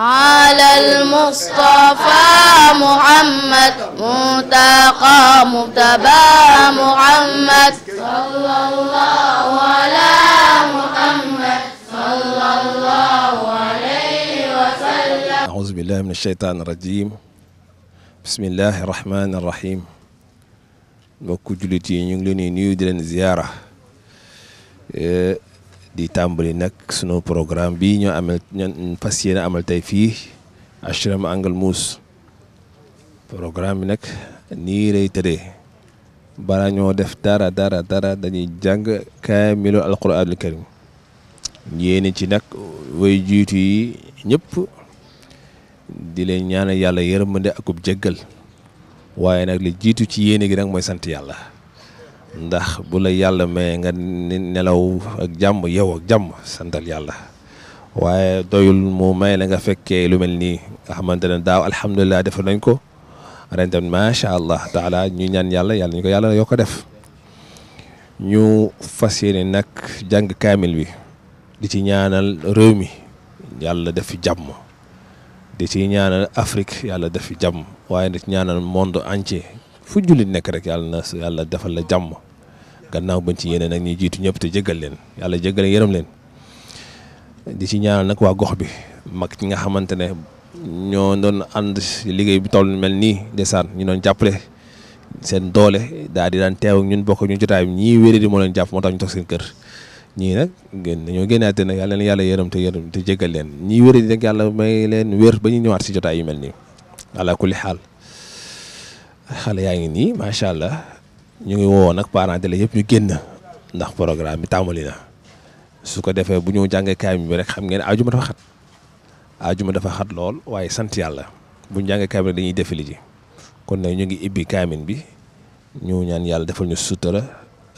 على المصطفى محمد متقى متبى محمد صلى الله على محمد صلى الله عليه وسلم أعوذ بالله من الشيطان الرجيم بسم الله الرحمن الرحيم mbokk jullit yi ñu ngi leen di nuyu di leen ziyaara di tàmbali nag sunu programme bi ñoo amal ñoo fas yéene amal tey fii ashram Angle Mousse programme bi nag nii lay tëddee balaa ñoo def dara dara dañuy jàng kaamilu alquraanul karim yéene ci nag way jiitu yi ñëpp di leen ñaanal yàlla yërmande akub jéggal waaye nag li jiitu ci yéene gi nag mooy sant yàlla ndax bu la yàlla may nga nelaw ak jàmm yow ak jàmm santal yàlla waaye doyul mu may la nga fekkee lu mel nii nga xamante ne daaw alhamdulilah defal nañ ko ren tamit macha allah taala ñu ñaan yàlla yàlla ñu ko yàlla yoo ko def ñu fas yéene nag jàng kaamil bi di ci ñaanal réew mi yàlla def fi jàmm di ci ñaanal Afrique yàlla def fi waaye di ci ñaanal monde entier. fu jullit nekk rek yàlla na yàlla defal la jàmm gannaaw bañ ci yeneen nag ñuy jiitu ñëpp te jéggal leen yàlla jéggal yërëm leen di ci ñaanal nag waa gox bi mag ñi nga xamante ne doon ànd liggéey bi toll mel nii ndeysaan ñu doon jàppale seen doole daal di daan teew ñun bokk ñu jotaay bi ñii wéri di moo leen jàpp moo tax ñu toog seen kër ñii nag génn dañoo génnaate nag yàlla leen yàlla yërëm te yërëm te jéggal leen ñii wéri di nag yàlla may leen wér ba ñu ñëwaat si jotaay yu mel nii ala kulli xaal xale yaa ngi nii macha allah ñu ngi woo nag parents d'élèves yëpp ñu génn ndax programme bi tàmbali na su ko defee bu ñu jàngee kaamil bi rek xam ngeen ajuma dafa xat ajuma dafa xat lool waaye sant yàlla bu ñu jàngee kaamil dañuy défilé ji kon nag ñu ngi ibbi kaamil bi ñu ñaan yàlla defal ñu sutura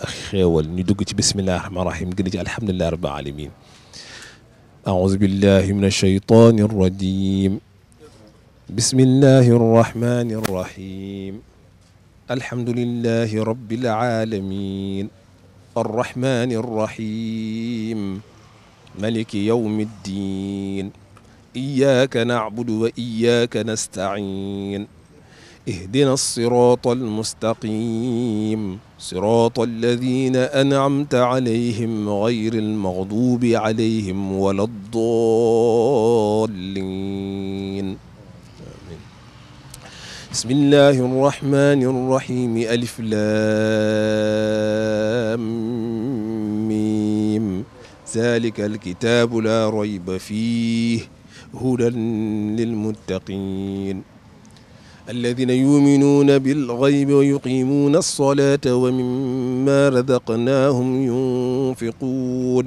ak xéewal ñu dugg ci bisimilah rahmaani rahiim gën ci alhamdulilah rabbil alamin أعوذ بالله من الشيطان الرجيم bismillahi arrahmani arrahim alhamdulillahi rabbil alamin arrahmani arrahim maliki yawmi ddin iyyaka na'budu wa iyyaka nasta'in اهدنا الصراط المستقيم صراط الذين أنعمت عليهم غير المغضوب عليهم ولا الضالين bismillahi arrahmani arrahimi alif lam mim zalika alkitabu la rayba fihi hudan lilmuttaqin الذين يؤمنون بالغيب ويقيمون الصلاة ومما رزقناهم ينفقون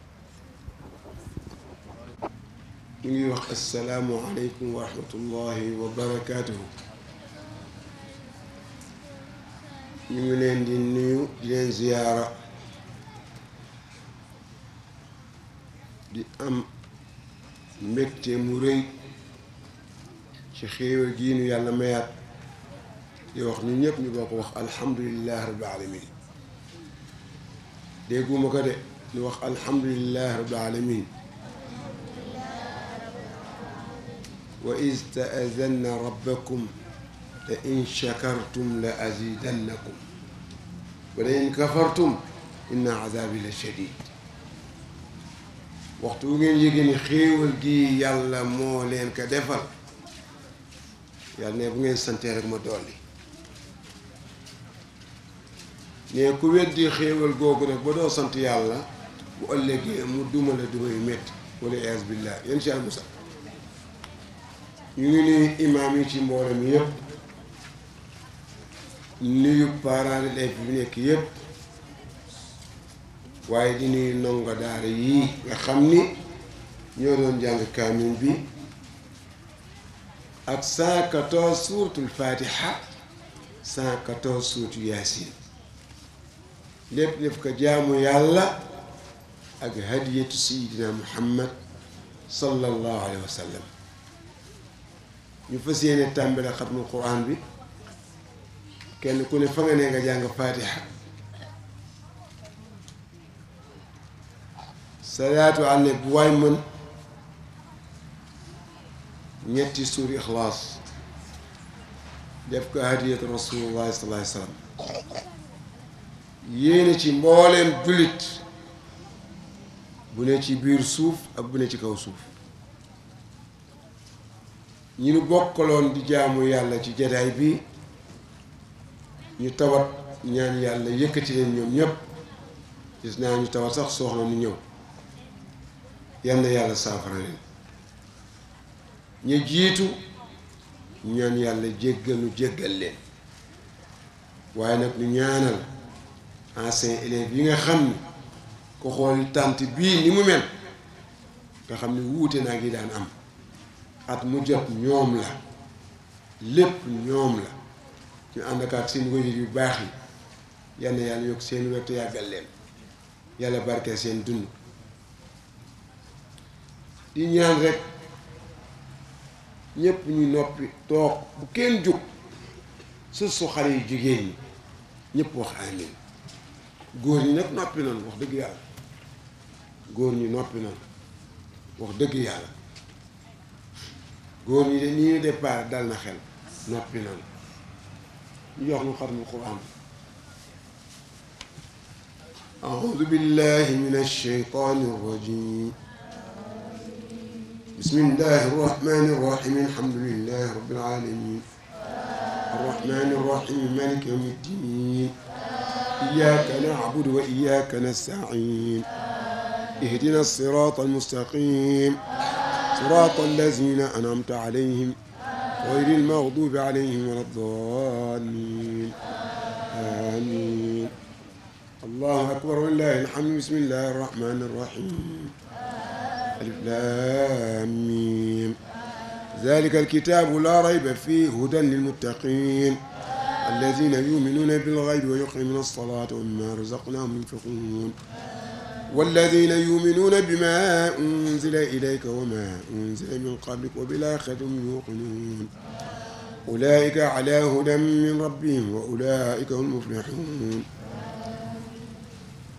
ñu ngi wax assalaamu aleykum wa wa barakaatuhu ñu ngi leen di nuyu di leen ziyaara di am mbégte mu rëy ci xéewal gi nu yàlla mayaat di wax ñu ñëpp ñu boo wax alhamdulilah rabbil ko de ñu wax alhamdulilah rabbil alamin wa iz ta'azanna rabbakum la in shakartum la azidannakum wa la in kafartum inna azabi la shadid waxtu wu ngeen yége xéewal gi yàlla moo leen ko defal yàlla ne bu ngeen santee rek ma dolli ne ku weddi xéewal googu nag ba doo sant yàlla bu ëllëgee mu duma la duma yu métti wala iyaas billah yéen ci al musal ñu ngi nuyu imaam yi ci mboolem yépp nuyu parents d'élèves bi nekk yépp waaye di nuyu ndongo daara yii nga xam ni ñoo doon jàng kaamil bi ak 114 suuratul Fatiha 114 suuratu Yaasin lépp def ko jaamu yàlla ak hadiyatu sayyidina Muhammad sallallahu alayhi wa ñu fas yéene xat mu quran bi kenn ku ne fa nga ne nga jàng fatiha salaatu ale bu waay mën ñetti suur ixlaas def ko hadiyatu rasulullahi sallallahu alayhi wasallam yéene ci mbooleem jullit bu ne ci biir suuf ak bu ne ci kaw suuf ñu ni bokkaloon di jaamu yàlla ci jadaay bi ñu tawat ñaan yàlla yëkkati leen ñoom ñëpp gis naa ñu tawat sax soxla nu ñëw yal yàlla saafara leen ñu jiitu ñaan yàlla jéggal nu jéggal leen waaye nag ñu ñaanal ancien élève yi nga xam ni ko xool tànt bii ni mu mel nga xam ni wuute naa gi daan am at mu jot ñoom la lépp ñoom la ñu ànd ak seen wajur yu baax yi yal na yàlla yokk seen wetu yàggal leen yàlla barke seen dund di ñaan rek ñépp ñu noppi toog bu kenn jóg suuf su xale yu jigéen ñi ñépp wax amin góor ñi nag noppi noonu wax dëgg yàlla góor ñi noppi noonu wax dëgg yàlla góor ñi de nii ñu départ dal na xel noppi nan ñu jox ñu xarnu quran أعوذ بالله من الشيطان الرجيم بسم الله الرحمن الرحيم الحمد لله رب العالمين الرحمن الرحيم مالك يوم الدين إياك نعبد وإياك نستعين اهدنا الصراط المستقيم آمين. صراط الذين أنعمت عليهم غير المغضوب عليهم ولا الضالين آمين الله أكبر ولله الحمد بسم الله الرحمن الرحيم ألف لام ذلك الكتاب لا ريب فيه هدى للمتقين الذين يؤمنون بالغيب ويقيمون الصلاة ومما رزقناهم ينفقون والذين يؤمنون بما أنزل إليك وما أنزل من قبلك وبالآخرة هم يوقنون أولئك على هدى من ربهم وأولئك هم المفلحون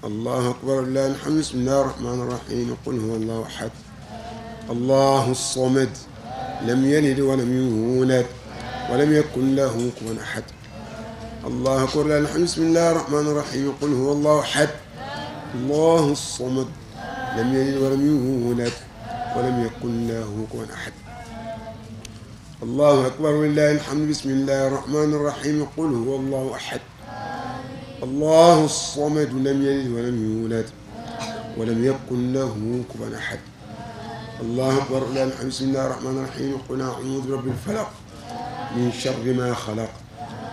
الله أكبر الله الحمد بسم الله الرحمن الرحيم قل هو الله أحد الله الصمد لم يلد ولم يولد ولم يكن له كفوا أحد الله أكبر الله الحمد بسم الله الرحمن الرحيم قل هو الله أحد allahu samad lam yalid walam yulad walam yakun lahu kufuwan ahad allahu akbar walillahi alhamdu bismillahi arrahmani arrahim qul huwa allahu ahad allahu samad lam yalid walam yulad walam yakun lahu kufuwan ahad allahu akbar walillahi alhamdu bismillahi arrahmani arrahim qul a'udhu birabbil falaq min sharri ma khalaq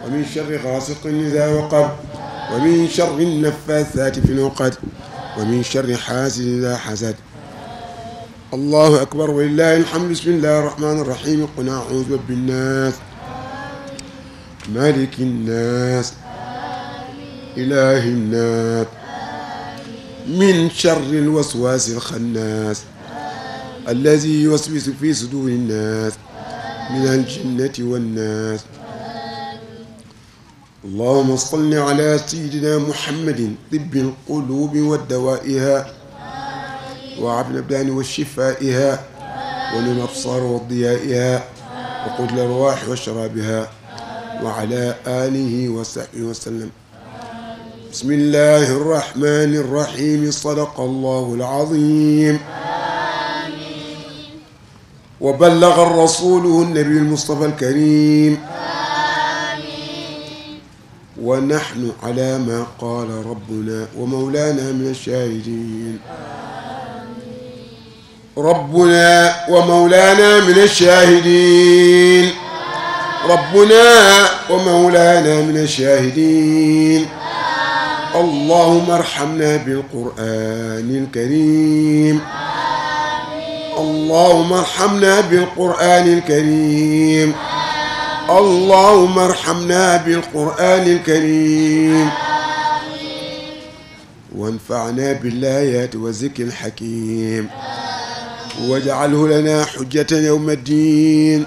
wa min sharri ghasiqin idha waqab ومن شر النفاثات في العقد ومن شر حاسد إذا حسد الله أكبر ولله الحمد بسم الله الرحمن الرحيم قل أعوذ برب الناس مالك الناس إله الناس من شر الوسواس الخناس الذي يوسوس في صدور الناس من الجنة والناس اللهم صل على سيدنا محمد طب القلوب ودوائها وعبد الأبدان وشفائها ونور الأبصار وضيائها وقود الأرواح وشرابها وعلى آله وصحبه وسلم بسم الله الرحمن الرحيم صدق الله العظيم آمين وبلغ الرسول النبي المصطفى الكريم wa naxnu ala ma qaala rabbuna wa mawlaana min ash-shaahidiin rabbuna wa mawlaana min ash-shaahidiin rabbuna wa mawlaana min ash-shaahidiin allahumma arhamna bil-qur'aani l-kariim allahumma arhamna bil-qur'aani l-kariim اللهم ارحمنا بالقرآن الكريم وانفعنا بالآيات والذكر الحكيم واجعله لنا حجة يوم الدين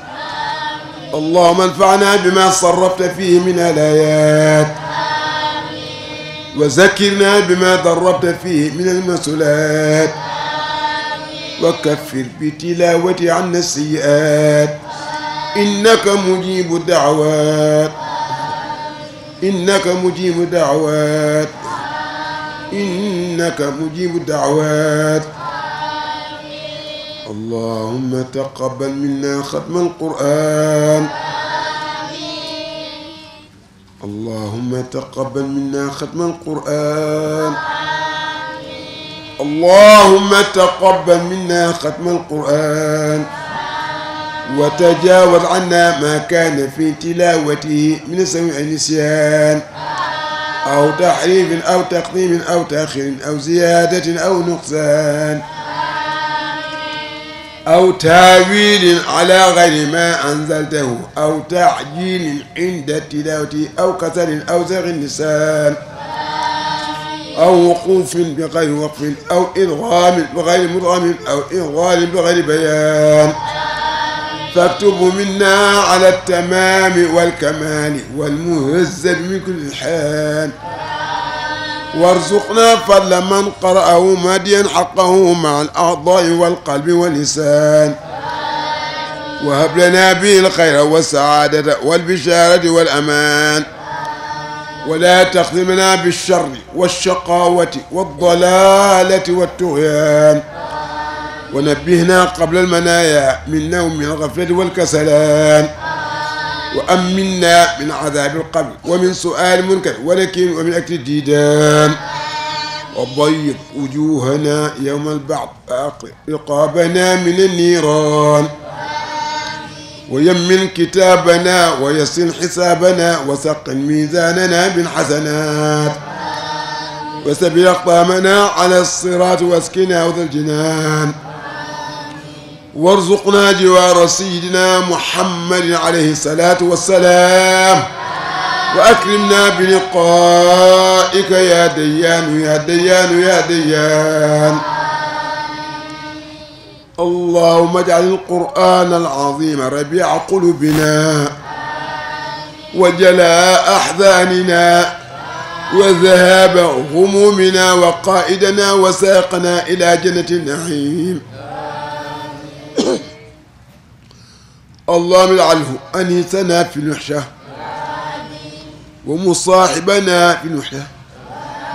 اللهم انفعنا بما صرفت فيه من الآيات وذكرنا بما دربت فيه من المسؤولات وكفر بتلاوة عنا السيئات innaka mujibu daawaat innaka mujibu daawaat innaka mujibu daawaat allahumma taqabbal minna xatma alquran allahumma taqabbal minna xatma alquran allahumma taqabbal minna xatma alquran وتجاوز عنا ما كان في تلاوته من سوء النسيان أو تحريف أو تقديم أو تأخير أو زيادة أو نقصان أو تاويل على غير ما أنزلته أو تعجيل عند التلاوة أو كسل أو زغ اللسان أو وقوف بغير وقف أو إدغام بغير مدغم أو إغوال بغير بيان فاكتب منا على التمام والكمال والمهزة من كل حال وارزقنا فضل من قرأه ماديا حقه مع الأعضاء والقلب واللسان وهب لنا به الخير والسعادة والبشارة والأمان ولا تخدمنا بالشر والشقاوة والضلالة والطغيان ونبهنا قبل المنايا من نوم الغفلة والكسلان وأمنا من عذاب القبر ومن سؤال منكر ولكن ومن أكل الديدان وبيض وجوهنا يوم البعث رقابنا من النيران ويمن كتابنا ويسر حسابنا وسق ميزاننا بالحسنات وسبل أقدامنا على الصراط واسكنا وذا الجنان warzuqnaa jiwaara sayidina muhammadin alayhi salaatu wassalaam wa akrimnaa bi liqaaika yaa dayyaanu yaa dayyaanu yaa dayyaan allahumma ajcal alqur'aana alcaziima rabiica qulubina wa jalaa axzaanina wa dahaaba humumina wa qaa'idana wa saaqana ilaa jannati naciim اللهم اجعله أنيسنا في الوحشة ومصاحبنا في الوحدة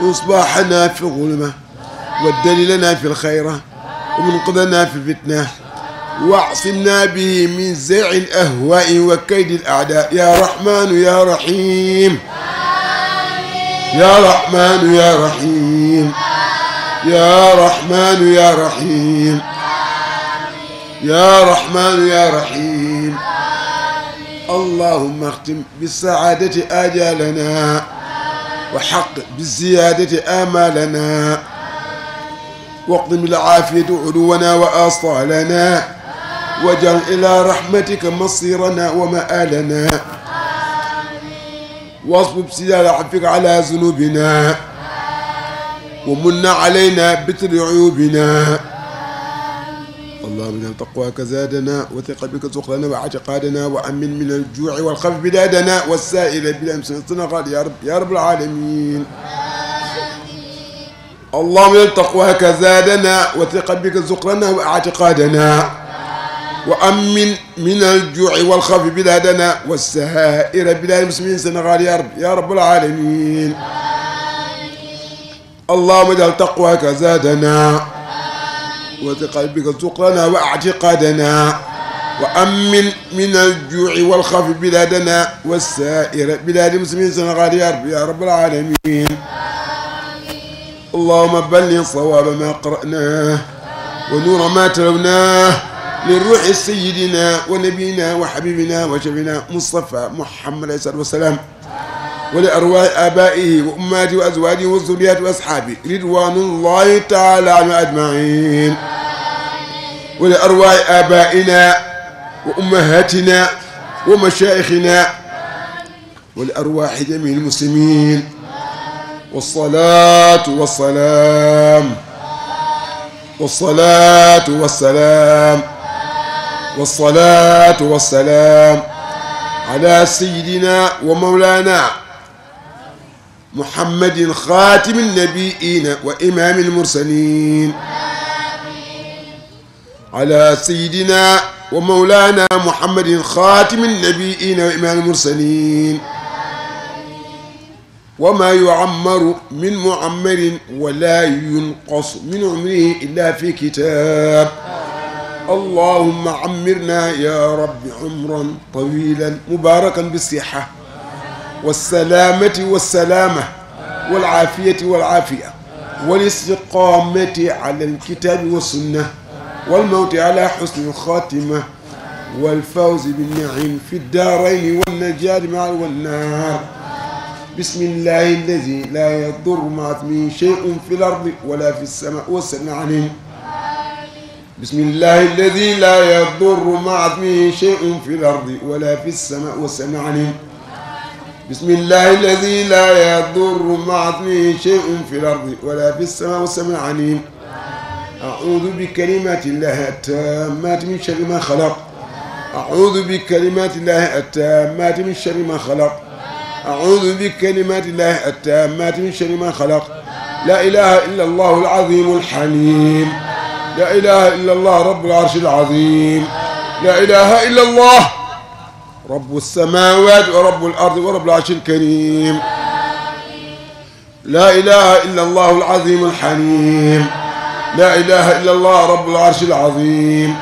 وإصباحنا في الظلمة ودليلنا في الخيرة ومنقذنا في الفتنة واعصمنا به من زيع الأهواء وكيد الأعداء يا رحمن يا رحيم يا رحمن يا رحيم يا رحمن يا رحيم يا رحمن يا رحيم اللهم اختم بالسعادة آجالنا وحق بالزيادة آمالنا واقضم العافية علونا وآصالنا واجعل إلى رحمتك مصيرنا ومآلنا واصب سيال عفك على ذنوبنا ومن علينا بتر عيوبنا allahuma jal taqwaaka zaadana wa thiqa bika suxrana wa atiqaadana wa amin min aljuuci walxawfi bilaadana wasaaila bilamsina sanaqaat ya rab ya rabbal alamin allahuma jal taqwaaka zaadana wa thiqa bika suxrana wa atiqaadana wa amin min aljuuci walxawfi bilaadana wasaaila bilamsina sanaqaat ya rab ya rabbal alamin allahuma jal taqwaaka zaadana وتقلبك سقرنا واعتقادنا وأمن من الجوع والخوف بلادنا والسائر بلاد المسلمين سنغال يا رب يا رب العالمين اللهم بلغ صواب ما قرأناه ونور ما تلوناه للروح سيدنا ونبينا وحبيبنا وشفينا مصطفى محمد عليه الصلاة والسلام ولأرواح آبائه وأمهاته وأزواجه وذرياته وأصحابه رضوان الله تعالى عنهم أجمعين ولأرواح آبائنا وأمهاتنا ومشايخنا ولأرواح جميع المسلمين والصلاة والسلام والصلاة والسلام والصلاة والسلام على سيدنا ومولانا محمد خاتم النبيين وإمام المرسلين على سيدنا ومولانا محمد خاتم النبيين وإمام المرسلين وما يعمر من معمر ولا ينقص من عمره إلا في كتاب اللهم عمرنا يا رب عمرا طويلا مباركا بالصحة والسلامة والسلامة والعافية والعافية والاستقامة على الكتاب والسنة والموت على حسن الخاتمة والفوز بالنعيم في الدارين والنجاة مع والنار بسم الله الذي لا يضر مع اسمه شيء في الأرض ولا في السماء والسلام عليهم بسم الله الذي لا يضر مع اسمه شيء في الأرض ولا في السماء والسلام عليهم بسم الله الذي لا يضر مع اسمه شيء في الأرض ولا في السماء والسماء عليم أعوذ بكلمات الله التامات من شر ما خلق أعوذ بكلمات الله التامات من شر ما خلق أعوذ بكلمات الله التامات من شر ما خلق لا إله إلا الله العظيم الحليم لا إله إلا الله رب العرش العظيم لا إله إلا الله رب السماوات ورب الأرض ورب العرش الكريم لا إله إلا الله العظيم الحليم لا إله إلا الله رب العرش العظيم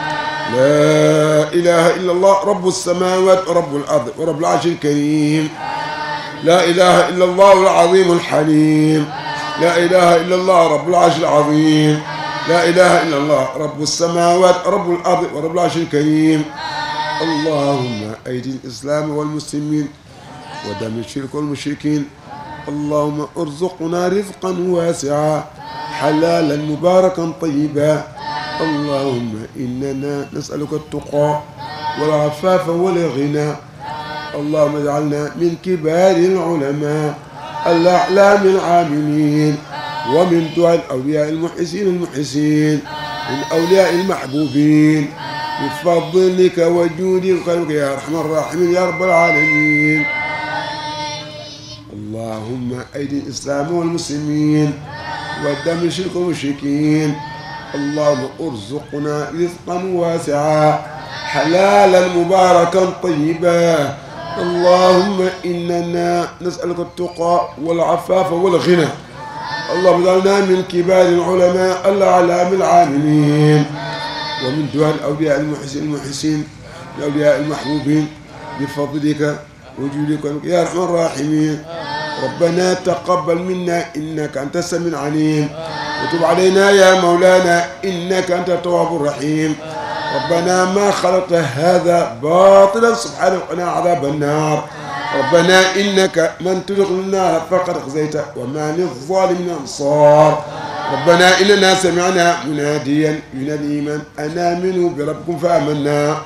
لا إله إلا الله رب السماوات ورب الأرض ورب العرش الكريم لا إله إلا الله العظيم الحليم لا إله إلا الله رب العرش العظيم لا إله إلا الله رب السماوات رب الأرض ورب العرش الكريم اللهم أيد الإسلام والمسلمين ودم الشرك والمشركين اللهم ارزقنا رزقا واسعا حلالا مباركا طيبا اللهم إننا نسألك التقى والعفاف والغنى اللهم اجعلنا من كبار العلماء الأعلام العاملين ومن دعاء الأولياء المحسين المحسين من أولياء المحبوبين بفضلك وجودك وخيرك يا أرحم الراحمين يا رب العالمين اللهم أيد الإسلام والمسلمين ودم الشرك والمشركين اللهم ارزقنا رزقا واسعا حلالا مباركا طيبا اللهم إننا نسألك التقى والعفاف والغنى اللهم اجعلنا من كبار العلماء الأعلام العاملين wa min diwaan awliyaa al-muhsin wa awliyaa al-mahbuubin bi fadlika wa juudika yaa arhamar raahimiin ربنا تقبل منا إنك أنت السميع العليم وتب علينا يا مولانا إنك أنت التواب الرحيم ربنا ما خلقت هذا باطلا سبحانك وقنا عذاب النار ربنا إنك من تدخل النار فقد خزيته وما للظالمين أنصار ربنا إننا سمعنا مناديا ينادي الإيمان أن آمنوا بربكم فآمنا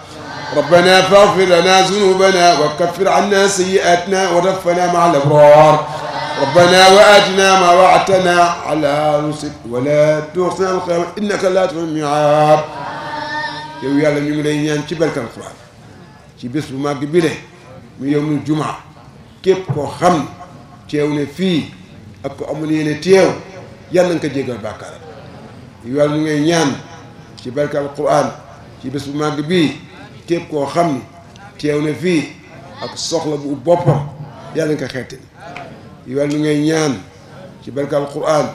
ربنا فاغفر لنا ذنوبنا وكفر عنا سيئاتنا وتوفنا مع الأبرار ربنا وآتنا ما وعدتنا على رسل ولا تخزنا القيامة إنك لا تخلف الميعاد yow yàlla ñu ngi lay ñaan ci barkal Alxuraan ci bés bu màgg bi de mu yowmul jumaa képp koo xam teew ne fii ak ko amul yéene teew yàlla nga ko jéggal bàkkaaram yàlla mu ngay ñaan ci barke alquran ci bés bu màgg bii képp koo xam ni teew na fii ak soxla bu boppam yàlla nga ko xettali yàlla mu ngay ñaan ci barke alquran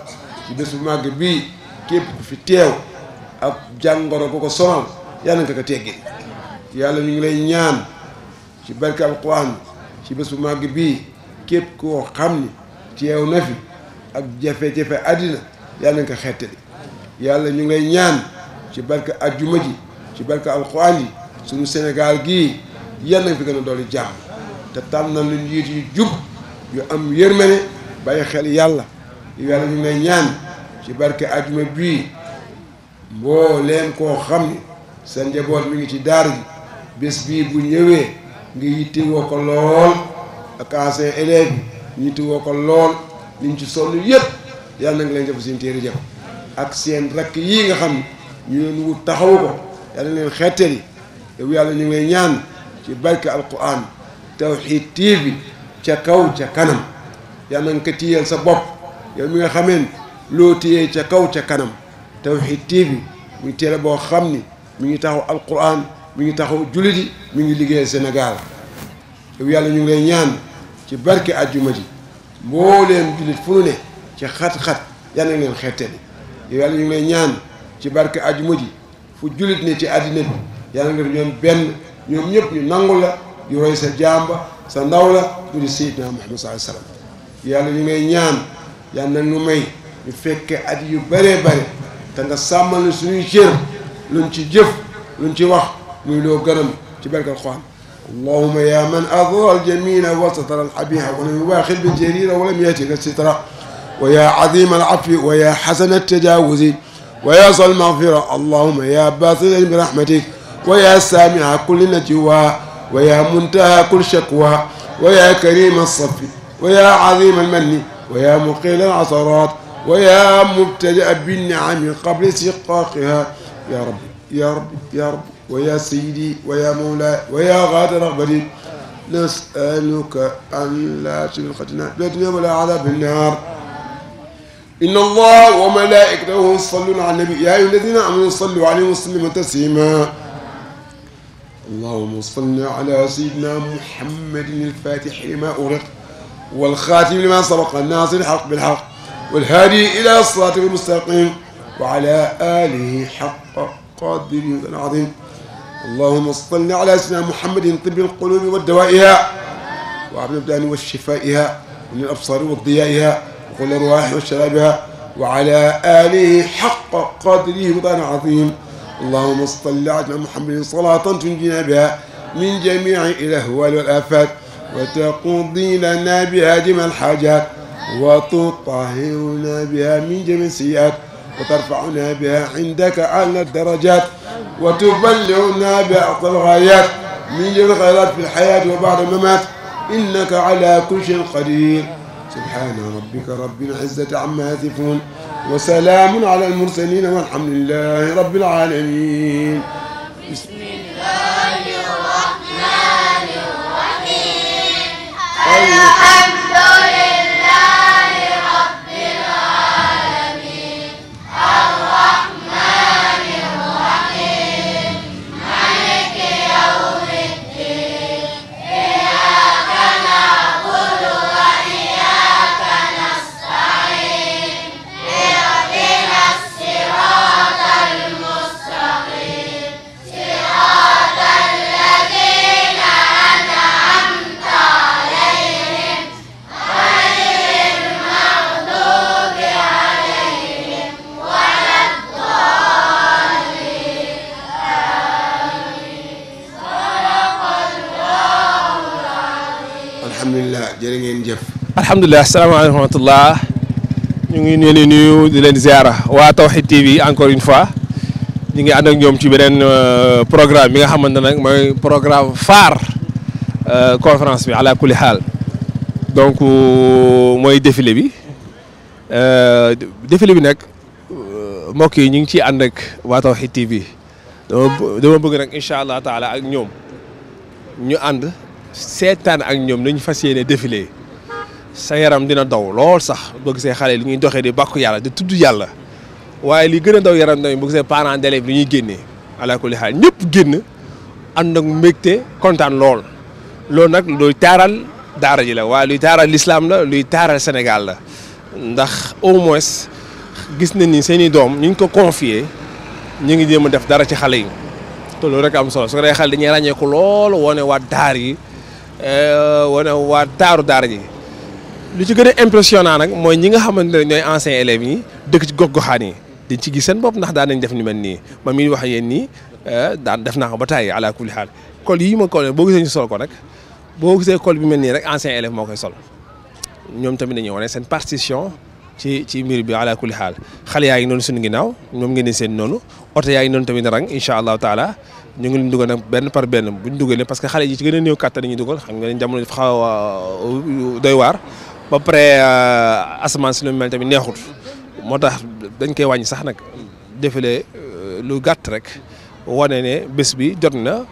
ci bés bu màgg bii képp ku ak jàngoro ko ko sonal yàlla nga ko teggil ñu ngi lay ñaan ci barke alquran ci bés bu màgg bii képp koo xam ni teew na fi ak jafe-jafe àddina yàlla nga ko xettali yàlla ñu ngay ñaan ci barke ajjuma ji ci barke alxuwaan yi suñu senegaal gii yàlla nga fi gën a dolli jàmm te tànn na lu yi yu jub yu am yërmande bàyyi xel yàlla yàlla ñu ngay ñaan ci barke ajjuma bii mbooleem koo xam ne sa njaboot mu ngi ci daar ji bés bii bu ñëwee ngi yittewoo ko lool ak ancien élève yi yittewoo ko lool liñ ci sonn yëpp yàlla na nga leen def seen téere jëf ak seen rakk yii nga xam ñu leen wut taxawu ko yàlla na leen xetteel yi yàlla ñu ngi lay ñaan ci barke alquran tawxiid tv ca kaw ca kanam yàlla na ko téyeel sa bopp yow mi nga xameen loo ca kaw ca kanam tawxiid tv muy boo xam ni mi ngi taxaw alquran mi ngi taxaw jullit mi ngi liggéeyal Sénégal yàlla ñu ngi ñaan ci barke àjjuma ji mbooleem jullit fu nu ne ci xat-xat yal na leen xettali yow yàlla ñu ngi ñaan ci barke ajuma ji fu jullit ne ci àddina bi yal na nga benn ñoom ñëpp ñu nangu la yu roy sa jàmba sa ndaw la ñu di sayyidina Muhammad sallallahu alayhi wasallam yàlla ñu ngi ñaan yal na ñu may ñu fekke at yu bëree bëri te nga sàmmal na suñuy cër luñ ci jëf luñ ci wax muy loo gërëm ci barke Alxuraan اللهم يا من أظهر الجميل وستر الحبيب ولم يباخل بالجليل ولم يهتك الستر ويا عظيم العفو ويا حسن التجاوز ويا صل المغفرة اللهم يا باطل برحمتك ويا سامع كل نجوى ويا منتهى كل شكوى ويا كريم الصف ويا عظيم المن ويا مقيل العثرات ويا مبتدأ بالنعم قبل استحقاقها يا رب يا رب يا رب ويا سيدي ويا مولاي ويا غاد رغبتي نسألك أن لا تلقتنا بالدنيا ولا عذاب النار إن الله وملائكته يصلون على النبي يا أيها الذين آمنوا صلوا عليه وسلموا تسليما اللهم صل على سيدنا محمد الفاتح لما أغلق والخاتم لما سبق الناصر الحق بالحق والهادي إلى صراطه المستقيم وعلى آله حق قدره العظيم allahuma salli ala sayyidina muhammadin tibbil qulubi wa dawaiha wa abil abdani wa shifaiha wa min absari wa diyaiha wa qul arwahi wa sharabiha wa ala alihi haqqa qadrihi wa dana azim allahuma salli ala sayyidina muhammadin salatan tunjina biha min jami'i ilahwal wal afat وتقضي لنا بها جميع الحاجات وتطهرنا بها من جميع السيئات وترفعنا بها عندك أعلى الدرجات وتبلغنا بأقصى الغايات من جميع الخيرات في الحياة وبعد الممات إنك على كل شيء قدير سبحان ربك رب العزة عما يصفون وسلام على المرسلين والحمد لله رب العالمين بسم alhamdulilah asalaamaaleykum wa rahmatulah ñu ngi leen di nuyu di leen ziara waa Tawhid TV encore une fois ñu ngi ànd ak ñoom ci beneen euh, programme bi nga xamante nag mooy programme phare euh, conférence bi ala kulli xaal donc euh, mooy défilé bi défilé bi nag mbokk yi ñu ngi ciy ànd ak waa Tawhid TV dama dama bëgg nag incha allah taala ak ñoom ñu ànd seetaan ak ñoom nañu fas yéene défilé. sa yaram dina dow lool sax boo gisee xale li ñuy doxee di bàkku yàlla di tudd yàlla waaye li gën a daw yaram tamit boo gisee parents d'élèves li ñuy génnee ala kulli xaal ñëpp génn ànd ak mbégte kontaan lool. loolu nag luy taaral daara ji la waaye luy taaral lislaam la luy taaral Sénégal la ndax au moins gis nañ ni seen i doom ñu ngi ko confier ñu ngi jéem a def dara ci xale yi te loolu rek am solo su ko defee xale dañuy ràññeeku lool wane waa daar yi eh, wane waa taaru daara ji. lu ci gën a impressionnant nag mooy ñi nga xamante ne ñooy anciens élèves yi dëkk ci gox-goxaan yi dañ ci gis seen bopp ndax daan nañ def ñu mel nii ma mi wax yéen nii eh, daan def naa ko ba tàyyi ala kulli xaal col yi ma col boo gisee ñu sol ko boo gisee col bi nii rek anciens moo koy sol ñoom tamit dañuy wane seen partition ci ci mbir bi ala kulli xaal xale yaa ngi noonu ngi naaw ñoom ngeen di seen noonu oto yaa ngi noonu tamit rang incha allahu taala ñu ngi leen dugal nag benn par benn bu ñu dugalee parce que xale yi ci a néew kàttan dañuy dugal xam nga ne uh, doy waar ba pare euh, asamaan si lu mel tamit neexut moo tax dañ koy wàññi sax nag défilé euh, lu gàtt rek wane ne bés bi jot na.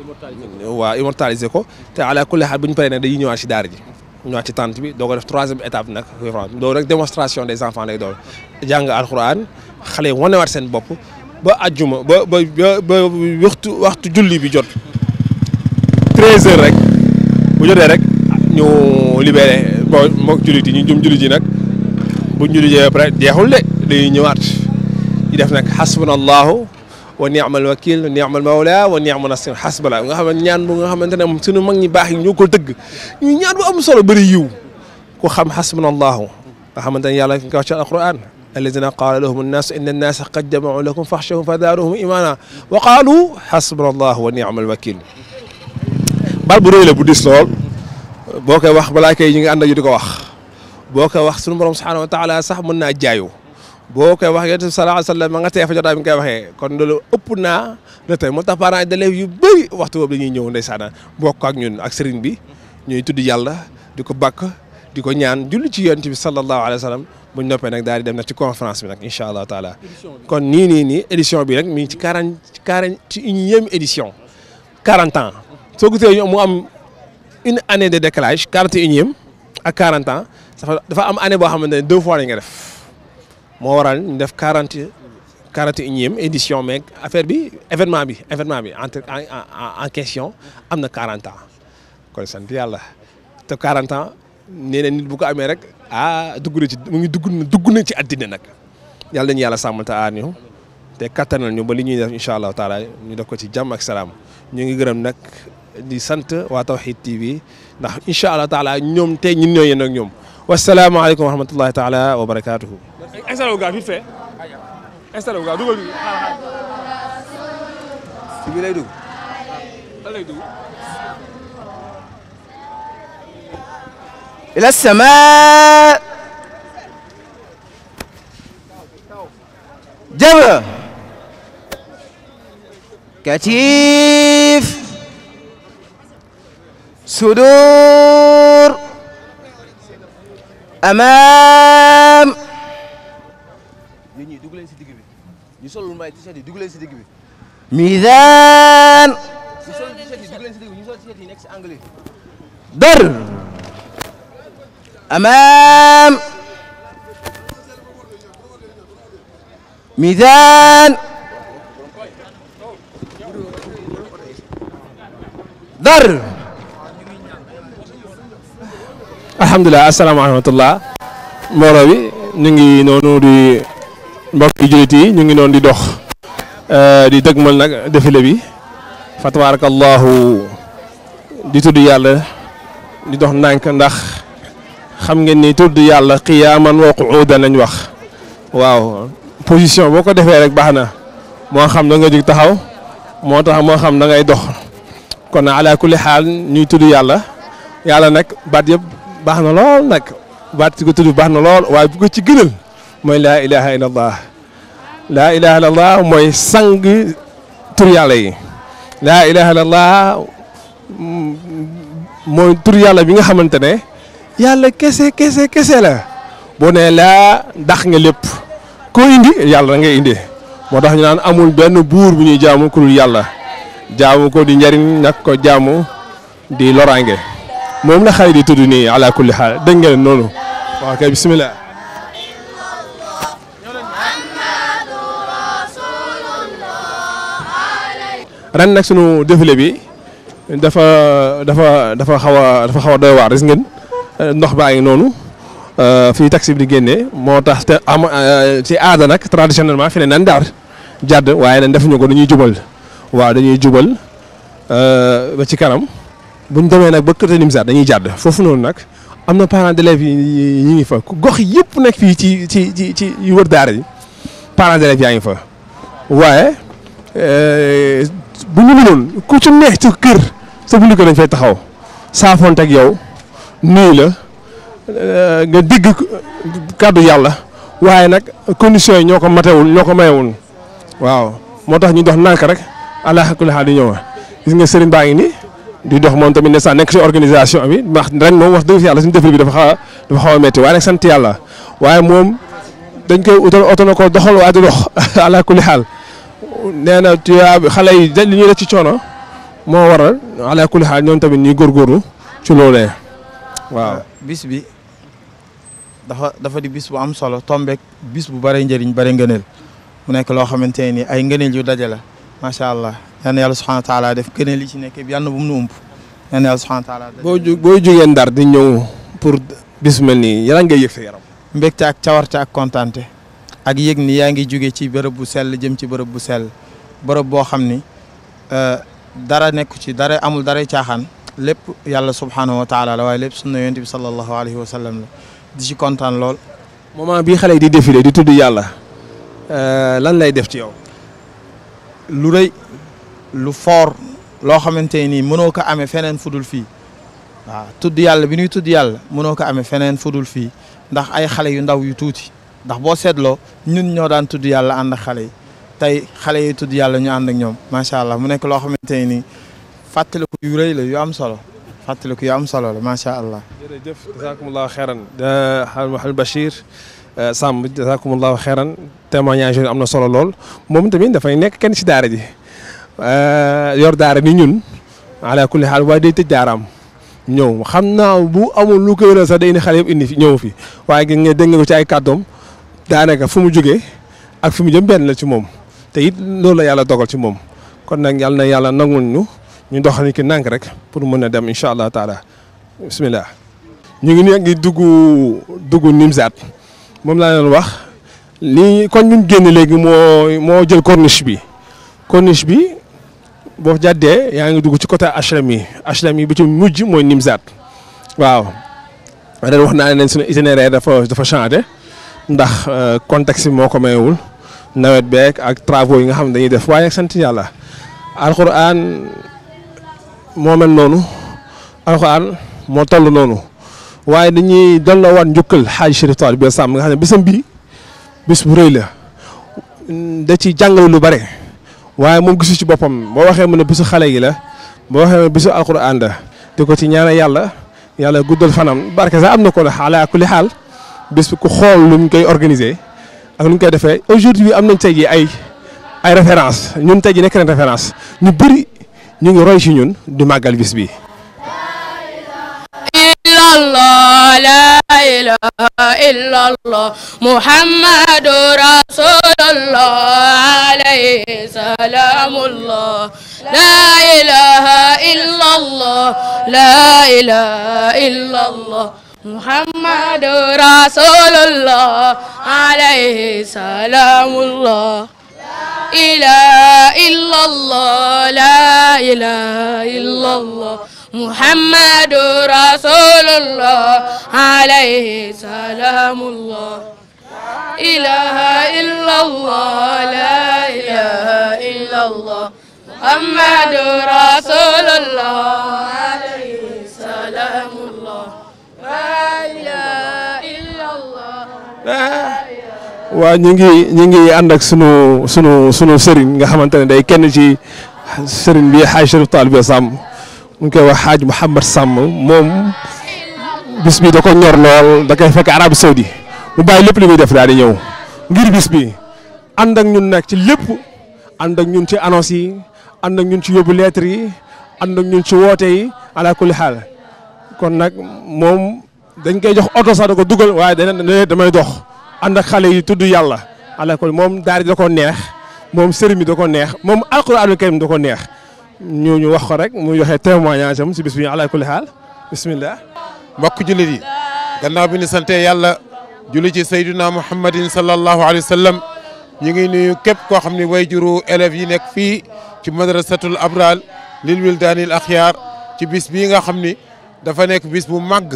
waa immortaliser ko te ala kulli xaal bu ñu paree nag dañuy ñëwaat si daara ji. ñëwaat ci tente bi doo ko def troisième étape nag loolu rek démonstration des enfants lay doon jàng alxuraan xale yi wanewaat seen bopp ba àjjuma ba ba ba waxtu waxtu julli bi jot. 13 heures rek bu jotee rek. ñu libéré boo mook jullit yi ñu jum jullit yi nag bu ñu jullit yi après jeexul de dañuy ñëwaat di def nag xasbunallahu wa ni'mal wakil ni'mal mawla wa ni'mal nasir xasbala nga xam ne ñaan bu nga xamante ne suñu mag ñi baax yi ñoo ko tëgg ñu ñaan bu am solo bëri yiw ku xam xasbunallahu nga xamante ne yàlla nga wax ci alquran alladina qaala lahum annaasu inna annaasa qad jamau lakum faxshahum fa daaruhum imaana wa qaalu xasbunallahu wa ni'mal wakil bal bu rëy la bu dis lool boo koy wax malaaka yi ñu ngi ànd ak yu di ko wax boo koy wax sunu borom subhaanahu wa taala sax mën naa jaayu boo koy wax yonent bi sallallahu wa sallam ma nga tee fa jotaay bi nga koy waxee kon loolu ëpp naa la tey moo yu bëri waxtu boobu dañuy ñëw ndeysaan bokk ak ñun ak sëriñ bi ñuy tudd yàlla di ko bàkk di ko ñaan julli ci yonent bi sallallahu alayhi wa sallam buñ noppee nag daal di dem nag ci conférence bi nag incha allah taala kon nii nii nii édition bi nag mi ngi ci quarante quarante ci unième édition quarante ans soo gisee mu am une année de déclage quarante et a ak quarante ans dafa am année boo xamante ne deux fois la nga def moo waral ñu def quarante quarante et unième édition mais affaire bi événement bi événement bi entre en question am na quarante ans kon sant yàlla te quarante ans nee nit bu ko amee rek ah dugg na ci mu ngi dugg na dugg na ci àddina nag yàlla nañu yàlla sàmmal te aar ñu te kattanal ñu ba li ñuy def incha allahu taala ñu def ko ci jàmm ak salaam ñu ngi gërëm nag. di sant waa Tawhid TV ndax incha allah taala ñoom tey ñun ñoo yéen ak ñoom wasalaamaaleykum wa rahmatullahi taala wa barakaatuhu. installé wu gaaw vite fait installé wu gaaw dugal bi ci bi lay dugg lan lay dugg. ila samaa jaba katif sudur amaam. yéen ñii dugg leen digg bi ñu solul may t-shirt yi dugg digg bi. miizaan. ñu solul nekk si anglais. dor. amaam. miizaan. dor. alhamdulilah asalaamaaleykum wa rahmatulah bi ñu ngi noonu di mbokki jullit yi ñu ngi noonu di dox eh, di dëgmal nag défilé bi fa tabarakallahu di tudd yàlla di dox ndànk ndax xam ngeen ni tudd yàlla qiyaaman wa qu'uudan lañ wax waaw position boo ko defee rek baax na moo xam da nga taxaw moo tax moo xam dangay dox kon ala kulli xaal ñuy tudd yàlla yàlla nag baat yëpp baax na lool nag baat si ko tudd baax na lool waaye bu ko ci gënal mooy laa ilaha illallah laa ilaha illallah mooy sang tur yàlla yi laa ilaha illallah mooy tur yàlla bi nga xamante ne yàlla kese kese kese la boo ne laa dax nga lépp ko indi yàlla da ngay indi moo tax ñu naan amul benn buur bu ñuy jaamu ku dul yàlla jaamu ko di njariñ nag ko jaamu di loraange moom la xay di tudd nii ala kulli xaal dégg ngeen noonu waaw kay bisimilah. ren nag sunu défilé bi dafa dafa dafa xaw a dafa xaw a doy waar gis ngeen ndox baa ngi noonu euh, fii taxi bi di génnee moo tax te am euh, ci aada nag traditionnellement fi ne nan daar jàdd waaye nag defuñu ko dañuy jubal waaw dañuy jubal euh, ba ci kanam. bu ñu demee nag ba côté Nimzaat dañuy jàdd foofu noonu nag am na parents d'élèves yi ñu ngi fa gox yëpp nekk fii ci ci ci ci yu wër daara yi parents d'élèves ngi fa waaye eh, bu ñu mënoon ku ci neex ci kër sa bundu ko dañ fay taxaw saafoonte ak yow nuyu la eh, nga dégg kàddu yàlla waaye nag conditions yi ñoo ko matewul ñoo ko mayewul waaw moo tax ñu dox nànk rek allah kulli xaal di ñëw gis nga sëriñ baa ngi nii. di dox moom tamit ne sax nekk ci organisation bi ndax ren moom wax dëgg yàlla suñu défilé bi dafa xaw a dafa xaw a métti waaye nag sant yàlla waaye moom dañ koy utal oto na ko doxal waaye du dox ala kulli xaal nee na tuyaab xale yi dañ li ñuy def ci coono moo waral ala kulli ñoom tamit ñuy góorgóorlu ci loolee waaw. bis bi dafa dafa di bis bu am solo tombeek bis bu bare njëriñ bare ngëneel mu nekk loo xamante ne nii ay ngëneel yu daje la macha allah. yal na yàlla subhaanahu wa taala def gënee ci nekk yal na bu mu nu umb yal na yàlla subhaanahu wa boo boo jógee ndar di ñëw pour bis mel nii yàlla ngay yëg sa yaram. mbégte ak cawarte ak kontaante ak yëg ni yaa ngi jóge ci bërëb bu sell jëm ci bërëb bu sell bërëb boo xam ni euh, dara nekku ci dara amul dara caaxaan lépp yàlla subhaanahu wa taala la waaye lépp sunna yonent bi sallallahu alayhi wa sallam la di ci kontaan lool. moment bii xale di défilé di tudd yàlla euh, lan lay def ci yow. lu fort loo xamante ni mënoo ko amee feneen fudul fii waaw tudd yàlla bi ñuy tudd yàlla mënoo ko amee feneen fudul fii ndax ay xale yu ndaw yu tuuti ndax boo seetloo ñun ñoo daan tudd yàlla ànd ak xale yi tey xale yi tudd yàlla ñu ànd ak ñoom macha allah mu nekk loo xamante ni fàttaliku yu rëy la yu am solo fàttaliku yu am solo la macha allah. jërëjëf jazakumullahu xeeran Mouhamed eh, Bachir eh, Samb jazakumullahu xeeran témoignage am na solo lool moom tamit dafay nekk kenn ci daara ji. Euh, yor daara ni ñun ala kulli xaal waaye day tëj daaraam ñëw xam naa bu amul lu ko wéral sax day ne xale yëpp indi fi ñëw fi waaye gi nga dégg nga ko ci ay kàddoom daanaka fu mu jógee ak fu mu jëm benn la ci moom te it loolu la yàlla dogal ci moom kon nag yàlla na yàlla nangul ñu ñu doxal ni ki nànk rek pour mën a dem incha allah taala bisimilah. ñu ngi nekk di dugg dugg Nimzaat moom laa wax lii koñ bi ñu génn léegi moo moo jël corniche bi corniche bi. boo jàddee yaa ngi dugg ci côté HLM yi HLM yi bi ci mujj mooy Nimzaat waaw ren wax naa ne suñu itinéraire dafa dafa changé ndax euh, contexte bi moo ko mayewul nawet beek ak travaux yi nga xam ne dañuy def waaye sant yàlla alxuraan moo noonu alxuraan moo toll noonu waaye dañuy delloo waat njukkal xaaj Chérif Touré bi sàmm nga xam ne bisam bii bis bu rëy la da ci jàngale lu bare. waaye moom gisu ci boppam boo waxee mu ne bisu xale yi la boo waxee mu a bisu alxuraan la di ko ci ñaanal yàlla yàlla guddal fanam barke sax am na ko ala kulli xaal bis ku xool lu ñu koy organiser ak lu ñu koy defee aujourd'hui am nañ tey jii ay ay référence ñun tey jii nekk nañ référence ñu bëri ñu ngi roy ci ñun du màggal bis bi الله لا إله إلا الله محمد رسول الله عليه سلام الله لا إله إلا الله لا إله إلا الله محمد رسول الله عليه سلام الله لا إله إلا الله لا إله إلا الله محمد رسول الله عليه سلام الله لا إله إلا الله لا إله إلا الله محمد رسول الله عليه سلام الله لا ñu ngi ñu ngi ànd ak sunu sunu sunu sëriñ nga xamante ne day kenn ci sëriñ bi Haaj Chérif Tall Samb ñu koy wax xaaj Mouhamed Samb moom bis bi da ko ñor lool da koy fekk Arabie Saoudi mu bàyyi lépp li muy def daal di ñëw ngir bis bi ànd ak ñun nekk ci lépp ànd ak ñun ci annonce yi ànd ak ñun ci yóbbu lettre yi ànd ak ñun ci woote yi ala xaal kon nag moom dañ koy jox oto sax da ko dugal waaye dana damay dox ànd ak xale yi tudd yàlla ala moom daari da ko neex moom sëriñ bi da ko neex moom alquraanul karim da ko neex ñu wax ko rek muy waxee témoignage am si bis bi ala kulli xaal bismillah mbokk jullit yi gannaaw bi ñu sante yàlla julli ci sayduna muhammadin sallallahu alayhi wa sallam ñu ngi nuyu képp koo xam ni way juru élèves yi nekk fii ci madrasatul abral lil wildaanil axyaar ci bis bii nga xam ni dafa nekk bis bu màgg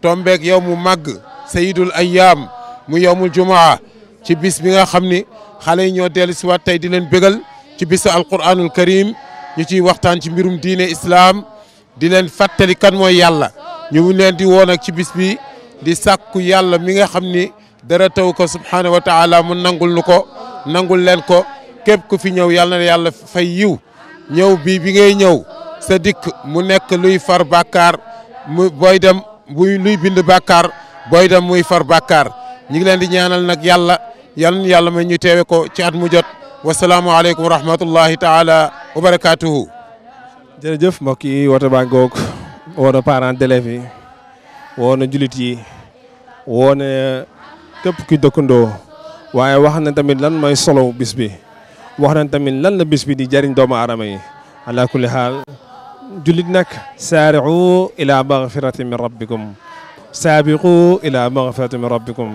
tombeek yow mu màgg sayidul ayyaam mu yowmul jumaa ci bis bi nga xam ni xale yi ñoo dellu si waat tey di leen bégal ci bisu alquranul karim ñu ciy waxtaan ci mbirum diine islaam di leen fàttali kan mooy yàlla ñu leen di woon ak ci bis bi di sàkku yàlla mi nga xam ni dara taw ko subhaanahu wa taala mu nangul nu ko nangul leen ko képp ku fi ñëw yàlla na yàlla fay yiw ñëw bii bi ngay ñëw sa dikk mu nekk luy far bàkkaar mu booy dem muy luy bind bàkkaar booy dem muy far bàkkaar ñu ngi leen di ñaanal nag yàlla yal yàlla may ñu teewe ko ci at mu jot wasalaamualeykum wa rahmatullahi taala wa barakaatuhu. jërëjëf mbokk yi woote baa ngoog woo na parents d'élèves yi woo na julit yi woo ki dëkkandoo waaye wax na tamit lan mooy solo bis bi wax na tamit lan la bis bi di jëriñ doomu aadama yi kulli xaal julit nag saari'u ila magfirati min rabbikum saabiqu ila magfirati min rabbikum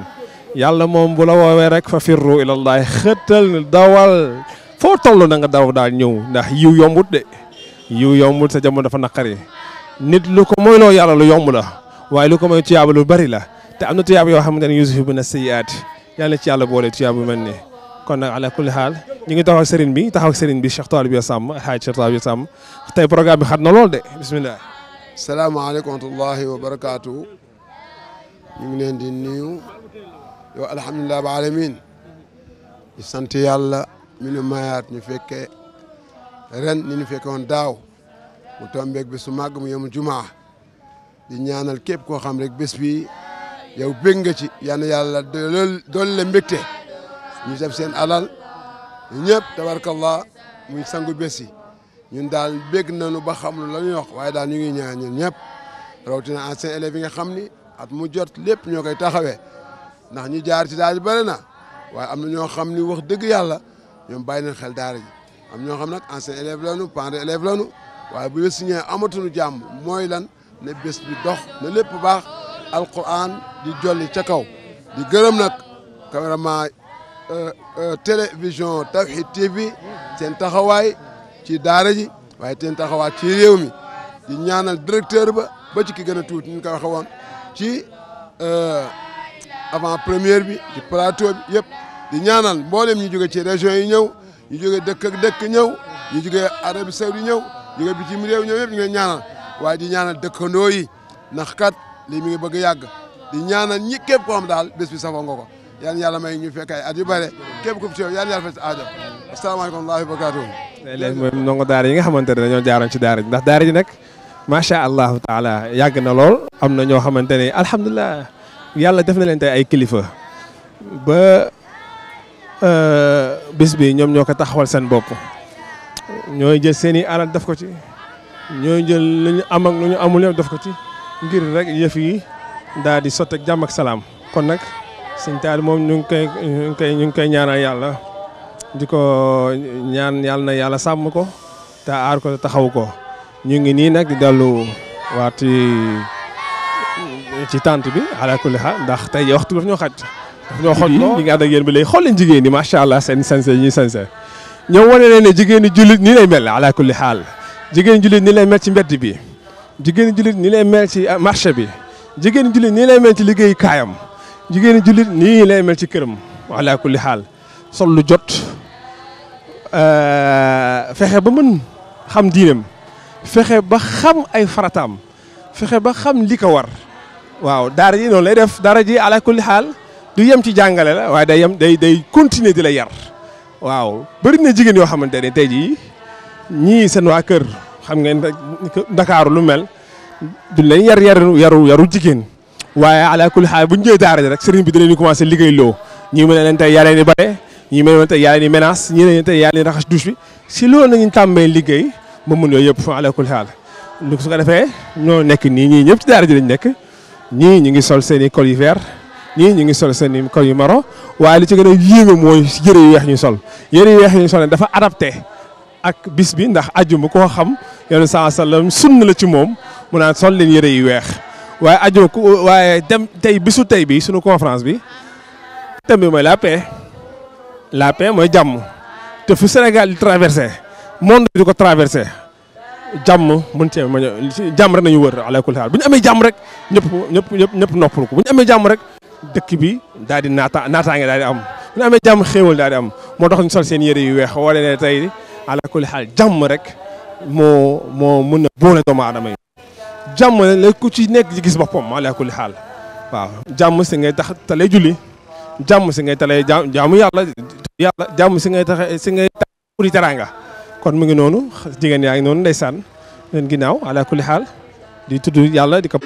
yàlla moom bu la rek fa firru ilallahi xëttal dawal foo toll na nga daw daal ñëw ndax yiw yombut de yiw yombut sa jamono dafa naqari nit lu ko mooy loo yàlla lu yomb la waaye lu ko mooy lu bari la te am na tuyaaba yoo xamante ne yusufu na sayyiaat yàlla ci yàlla boole tuyaaba bu mel ni kon nag ala kulli xaal ñu ngi taxa sëriñ bi taxaw sëriñ bi Cheikh Tall bi Samb alhaaj Cheikh Tall bi Samb tey programme bi xat na lool de bisimilah. salaamaaleykum wa yow alhamdulilah ba alamin ñu sant yàlla mi nu mayaat ñu fekkee ren ni ñu fekke woon daaw mu tombeeg bés su màgg mu yemul jumaa di ñaanal képp koo xam rek bés bi yow bég nga ci yàlla yàlla dool le mbégte ñu def seen alal ñëpp tabarkallah muy sangu bés yi ñun daal bég nañu ba xam lu la ñuy wax waaye daal ñu ngi ñaan ñun ñëpp rawatina ancien élèves yi nga xam ni at mu jot lépp ñoo koy taxawee ndax ñu jaar ci daal ji bëri na waaye am na ñoo xam ni wax dëgg yàlla ñoom bàyyi nañ xel daara ji am ñoo xam nag ancien élève lañu pendre élève lañu waaye bu bés ñëwee amatuñu jàmm mooy lan ne bés bi dox na lépp baax alquran di jolli ca kaw di gërëm nag cameraman euh, euh, télévision Tawhid TV seen taxawaay ci daare ji waaye seen taxawaay ci réew mi di ñaanal directeur ba ba ci ki gën a tuuti ñu ko waxee woon ci euh, avant première bi ci plateau bi yëpp di ñaanal mboolem ñi jóge ci région yi ñëw ñu jóge dëkk ak dëkk ñëw ñu jóge Arabie ñi ñëw jóge bitim réew ñëw yëpp ñu ngi ñaanal waa ji ñaanal dëkkandoo yi ndax kat lii mi ngi bëgg yàgg di ñaanal ñi képp ko am daal bés bi safoo nga ko yan yàlla may ñu fekk ay at yu bare képp ku fi teew yan yàlla fekk aajo asalaamaaleykum wa barakaatuhu léeg-léeg mooy ndongo daara yi nga xamante ne dañoo jaaroon ci daara ji ndax daara ji nag macha allah taala yàgg na lool am na ñoo xamante ne alhamdulilah yàlla def na leen tey ay kilifa ba euh, bis bi ñoom ñoo ko taxawal seen bopp ñoo jël seeni i alal def ko ci ñoo jël lu ñu am ak lu ñu amul yëpp def ko ci ngir rek yëf yi daal di sotteeg jàmm ak salaam kon nag sëñ taal moom ñu ngi koy ñu ngi koy ñu ngi koy ñaanal yàlla di ko ñaan yàlla na yàlla sàmm ko te aar ko taxaw ko ñu ngi nii nag di waati ci tante bi ala kulli xaal ndax tey waxtu daf ñoo xaj. daf ñoo xoj loo ñi nga ànd ak yéen bi léegi xool leen jigéen ñi macha allah seen sañse ñuy sañse ñoom wane ne ne jigéen jullit nii lay mel ala kulli xaal jigéen jullit nii lay mel ci mbedd bi jigéen jullit nii lay mel ci ah, marché bi jigéen jullit nii lay mel ci liggéey kaayam jigéen jullit nii lay mel ci këram ala kulli xaal sol lu jot euh, fexe ba mën xam diinam fexe ba xam ay farataam fexe ba xam li ko war waaw daar ji noonu lay def daara ji ala kulli xaal du yem ci jàngale la waaye day yem day day continuer di la yar waaw bëri na jigéen yoo xamante ne tey jii ñii seen waa kër xam ngeen ndakaaru lu mel duñ leen yar yaru yaru yaru jigéen waaye ala kulli xaal bu ñu jëlee daara ji rek sëriñ bi dina ñu commencé liggéey loo ñii mën na leen tey yàlla ni bare ñii mën na leen tey yàlla ni menace ñii leen tey yàlla ni raxas douche bi si liggéey ba mun yooyu yëpp ala kulli xaal lu su ko defee ñoo nekk nii ñii ñëpp ci daara ji lañ nekk ñii ñu ngi sol seen i col ñii ñu ngi sol seen i col yu marron waaye li ci gën a yéeme mooy yëre yu weex ñu sol yëre yu weex ñu sol dafa adapté ak bis bi ndax ajjuma koo xam yoonu saa sallam la ci moom mu naa sol leen yëre yu weex waaye ajjuma ku waaye dem tey bisu tey bi sunu conférence bi thème bi mooy la paix la paix mooy jàmm te fu Sénégal di traversé monde di ko traversé jàmm mun cee ma jàmm rek nañu wër ala kulli haal ñu amee jàmm rek ñëpp ñëpp ñëpp ñëpp noppal ko bu ñu amee jàmm rek dëkk bi daal di naata naataange daal di am bu ñu amee jàmm xéewal daal am moo tax ñu sol seen yére yu weex wala ne tey ala kulli haal jàmm rek moo moo mën na boole doomu aadama yi jàmm la ku ci nekk di gis boppam ala kulli haal waaw jàmm si ngay tax talee julli jàmm si ngay talee jaamu yàlla yàlla jàmm si ngay tax si ngay tax teraanga kon mu ngi noonu jigéen yaa ngi noonu ndeysaan leen ginnaaw ala kulli xaal di tudd yàlla di ko.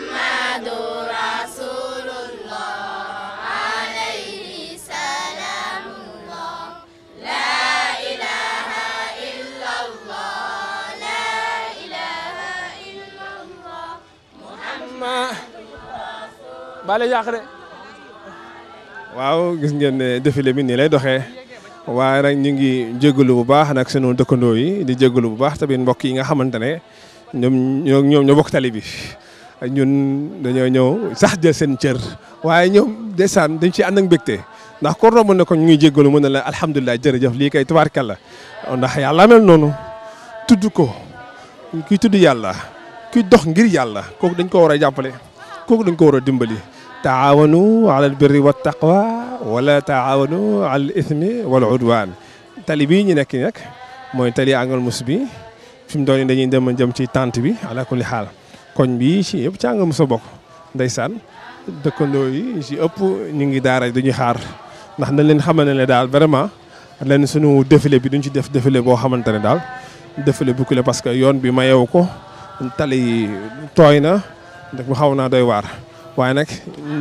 baale yàq de waaw gis ngeen ne défilé bi nii lay doxee waaye rek ñu ngi jégalu bu baax nag sunu dëkkandoo yi di jégalu bu baax tamit mbokk yi nga xamante ne ñoom ñoom ñoo bokk tali bi ñun dañoo ñëw sax jël seen cër waaye ñoom desaan dañ ci ànd ak mbégte ndax ko romb ne ko ñu ngi jégalu mën na la alhamdulilah jërëjëf lii kay tubaarkàlla ndax yàlla mel noonu tudd ko kuy tudd yàlla kuy dox ngir yàlla kooku dañ ko war a jàppale kooku dañ ko war a dimbali. taawanu alal birri wa taqwa wala taawanu alal ismi wal udwaan tali bii ñu nekk nag mooy tali Angle Mousse bi fi mu doon nii dañuy dem jëm ci tente bi ala kulli xaal koñ bi ci yëpp ci Angle Mousse bokk ndeysaan dëkkandoo yi ci ëpp ñu ngi daara duñu xaar ndax nañ leen xamal ne daal vraiment leen sunu défilé bi duñu ci def défilé boo xamante ne daal défilé bu kii parce que yoon bi mayewu ko tali tooy na ndax mu xaw naa doy waar. waaye nag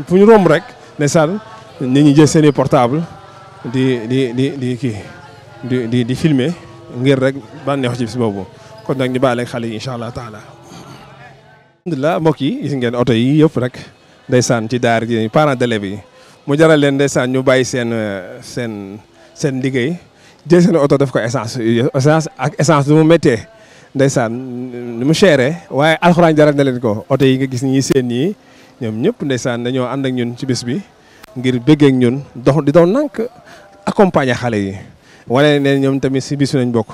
fu ñu romb rek ndeysaan nit ñi jël seen i portable di di di di kii di di di ngir rek bànneexu ci bis boobu kon nag ñu bàyyi leen xale yi incha allah taala. alhamdulilah mbokk yi gis ngeen yëpp rek ndeysaan ci daar yi parents d'élèves yi mu jaral leen ndeysaan ñu bàyyi seen seen seen liggéey jël seen oto def ko essance essence ak essance du mu méttee nu mu chéré waaye alxuraan jaral na leen ko oto yi nga gis ñi seen ñii. ñoom ñëpp ndeysaan dañoo ànd ak ñun ci bis bi ngir bëggeek ñun dox di doon nànk accompagner xale yi wane ne ñoom tamit si bis nañ bokk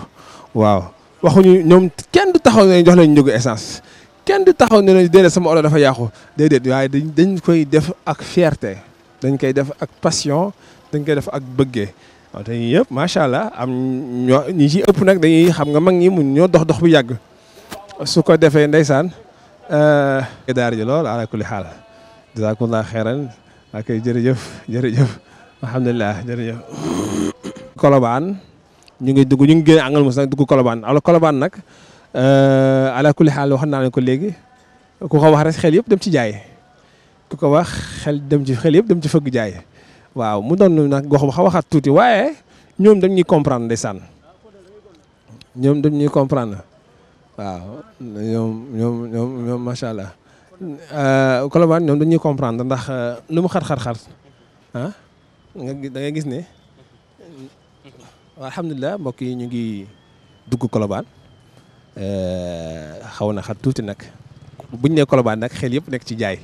waaw waxuñu ñoom kenn du taxaw ne jox leen njëgu essence kenn du taxaw ne déedéet sama olo dafa yàqu déedéet waaye dañ koy def ak fierte dañ koy def ak passion dañ koy def ak bëggee waaw te yëpp macha allah am ñoo ñi ci ëpp nag dañuy xam nga mag ñi mun ñoo dox dox bu yàgg su ko defee ndeysaan Euh, daara ji lool ala kulli xaal jazakumullah xeeran ak jërëjëf jërëjëf alhamdulilah jërëjëf kolobaan ñu ngi dugg ñu ngi génn angal mos nag dugg kolobaan alors kolobaan nag euh, ala kulli xaal wax naa leen ko léegi ku ko wax rek xel yëpp dem ci jaay ku ko wax xel dem ci xel yëpp dem ci fëgg jaay waaw mu doon nag gox bu xaw waxaat tuuti waaye ñoom ñuy comprendre ndeysaan ñoom ñuy comprendre waaw ñoom ñoom ñoom macha allah euh, Colobane ñoom dañuy comprendre ndax euh, lu mu xar xar xar ah da gis ne alhamdulilah mbokk yi ñu ngi dugg Colobane euh, xaw na xat tuuti nag buñ nee Colobane nag xel yëpp nekk ci jaay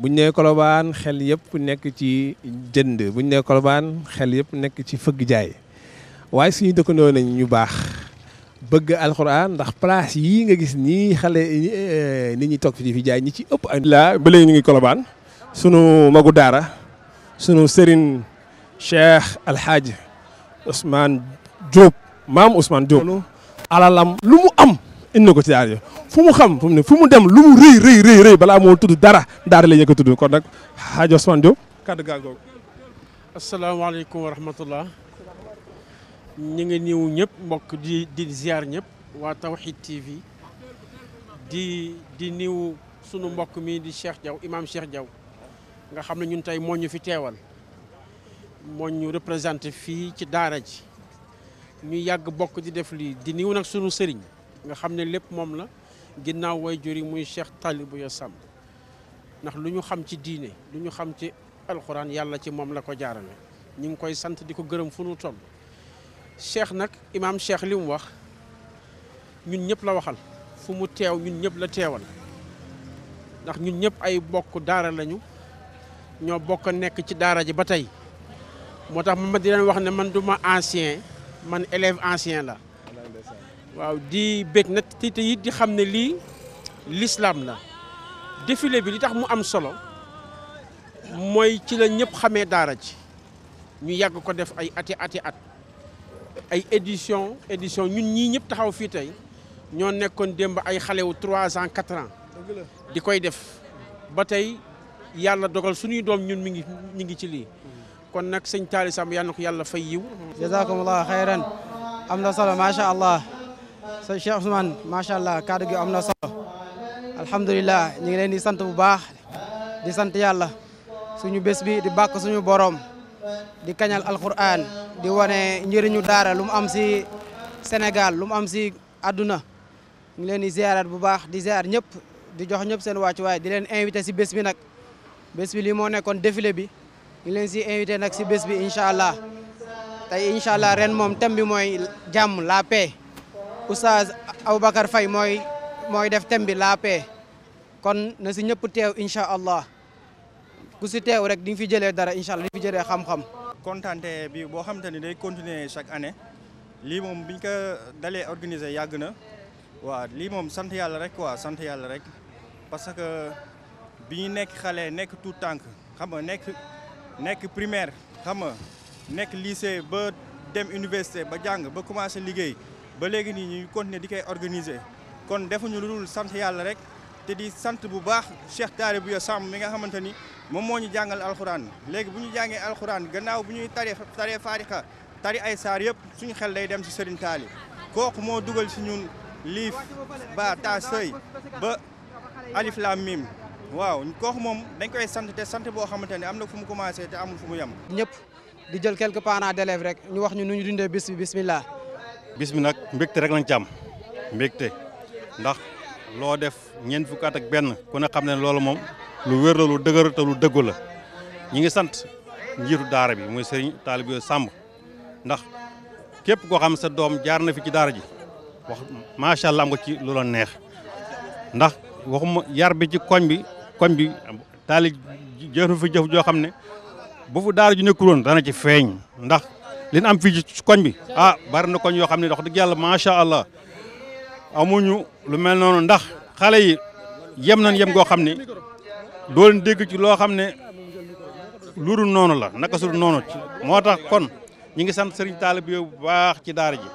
buñ nee Colobane xel yëpp nekk ci jënd buñ nee Colobane xel yëpp nekk ci fëgg jaay waaye suñu dëkkandoo nañ ñu baax. bëgg alxuraan ndax place yi nga gis nii xale eh, nit ñi toog fi di fi jaay ñi ci ëpp. la ba léegi ñu ngi kolobaan sunu magu daara sunu sëriñ Cheikh Alhaji Ousmane Diop maam Ousmane Diop. alalam lu mu am indi ko ci daara yi fu mu xam fu mu ne fu mu dem lu mu rëy rëy rëy balaa moo tudd dara daar la ñu ko tudd kon nag Hadj Ousmane Diop. kàddu gaal googu. ñu ngi niw ñëpp mbokk di di ziar ñëpp waa Tawhid TV di di niw sunu mbokk mi di Cheikh Diaw imam Cheikh jaw nga xam ne ñun tey moo ñu fi teewal moo ñu représenté fii ci daara ji ñu yàgg bokk di def lii di niw nag sunu sëriñ nga xam ne lépp moom la ginnaaw way juri muy Cheikh Talibou Ya sàmm ndax lu ñu xam ci diine lu ñu xam ci alxuraan yàlla ci moom la ko jaarale ñu ngi koy sant di ko gërëm fu nu toll cheikh nag imaam cheikh li mu wax ñun ñëpp la waxal fu mu teew ñun ñëpp la teewal ndax ñun ñëpp ay bokk daara lañu ñoo bokk nekk ci daara ji ba tey moo tax man di leen wax ne man duma ancien man élève ancien la waaw di bég na te it di xam ne lii l'islam la défilé bi li tax mu am solo mooy ci la ñëpp xamee daara ji ñu yàgg ko def ay ati ati at ay édition édition ñun ñii ñëpp taxaw fii tey ñoo nekkoon démb ay xale wu trois ans quatre ans di koy def ba tey yàlla dogal suñuy doom ñun mi ngi mi ngi ci lii kon nag sëñ Talla Samb yal na yàlla fay yiw jazakumullahu xayran am na solo macha allah sëñ Cheikh Ousmane macha allah kaddu gi am na solo alhamdulilah ñu ngi leen di sant bu baax di sant yàlla suñu bés bi di bàkk suñu boroom di kañal alquran di wane njëriñu daara lu mu am si Sénégal lu mu am si àdduna ñu leen di ziarat bu baax di ziar ñëpp di jox ñëpp seen wàccuwaay di leen invité si bés bi nag bés bi lii moo nekkoon défilé bi ñu leen si invité nag si bés bi incha allah tey incha allah ren moom thème bi mooy jàmm la paix oustaz Aboubacar Faye mooy mooy def thème bi la paix kon na si ñëpp teew incha allah ku si teew rek di nga fi jëlee dara incha allah di fi xam-xam. kontante bi boo xamante ni day continuer chaque année lii moom biñ ko dalee organiser yàgg na waaw lii moom sant yàlla rek waa sant yàlla rek parce que bi ñu nekk xale nekk tout tànk xam nga nekk nekk primaire xam nga nekk lycée ba dem université ba jàng ba commencé liggéey ba léegi nii ñuy continuer di koy organiser kon defuñu lu dul sant yàlla rek te di sant bu baax Cheikh Daribou Sam mi nga xamante ni. moom moo ñu jàngal alxuraan léegi bu ñu jàngee alxuraan gannaaw bu ñuy taree tari faarixa tari ay saar yëpp suñu xel day dem si sëriñ taali kooku moo dugal si ñun liif ba ta sëy ba alif laam waaw kooku moom dañ koy sant te sant boo xamante ne am na fu mu commencé te amul fu mu yam ñëpp di jël quelques parents d'élèves rek ñu wax ñu nu ñu dundee bis bi bismillah. bis nag mbégte rek lañ ci am ndax loo def ñeent fukk at ak benn ku ne xam ne loolu moom. lu wér la lu dëgër te lu dëggu la ñi ngi sant njiitu daara bi muy sëriñ Talibe Samb ndax képp koo xam sa doom jaar na fi ci daara ji wax macha allah ci lu neex ndax waxuma yar bi ci koñ bi koñ bi taali joo xam ne bu fu daara ju woon dana ci feeñ ndax li am fii koñ bi ah bari na koñ yoo xam ne wax dëgg yàlla macha allah amuñu lu mel noonu ndax xale yi yem nañ yem goo xam ni doo leen dégg ci loo xam ne lu dul noonu la naka su dul noonu ci moo tax kon ñi ngi sant sëriñ taalibe bu baax ci daar ji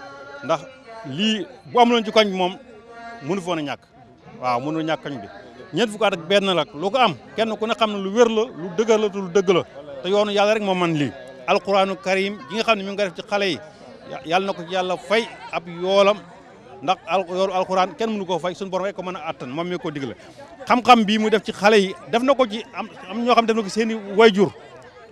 ndax lii bu amuloon ci koñ bi moom mënu foon a ñàkk waaw mënu ñàkk koñ bi ñeent fukk at ak benn la lu ko am kenn ku ne xam ne lu wér la lu dëgër la te lu dëgg la te yoonu yàlla rek moo man lii alquraanu karim gi nga xam ne mu ngi ko def ci xale yi yàlla na ko ci yàlla fay ab yoolam ndax al yoru alxuraan kenn mënu koo fay suñu borom rek ko mën a attan moom mi ko digle xam-xam bii mu def ci xale yi def na ko ci am am ñoo xam def na ko seen i wayjur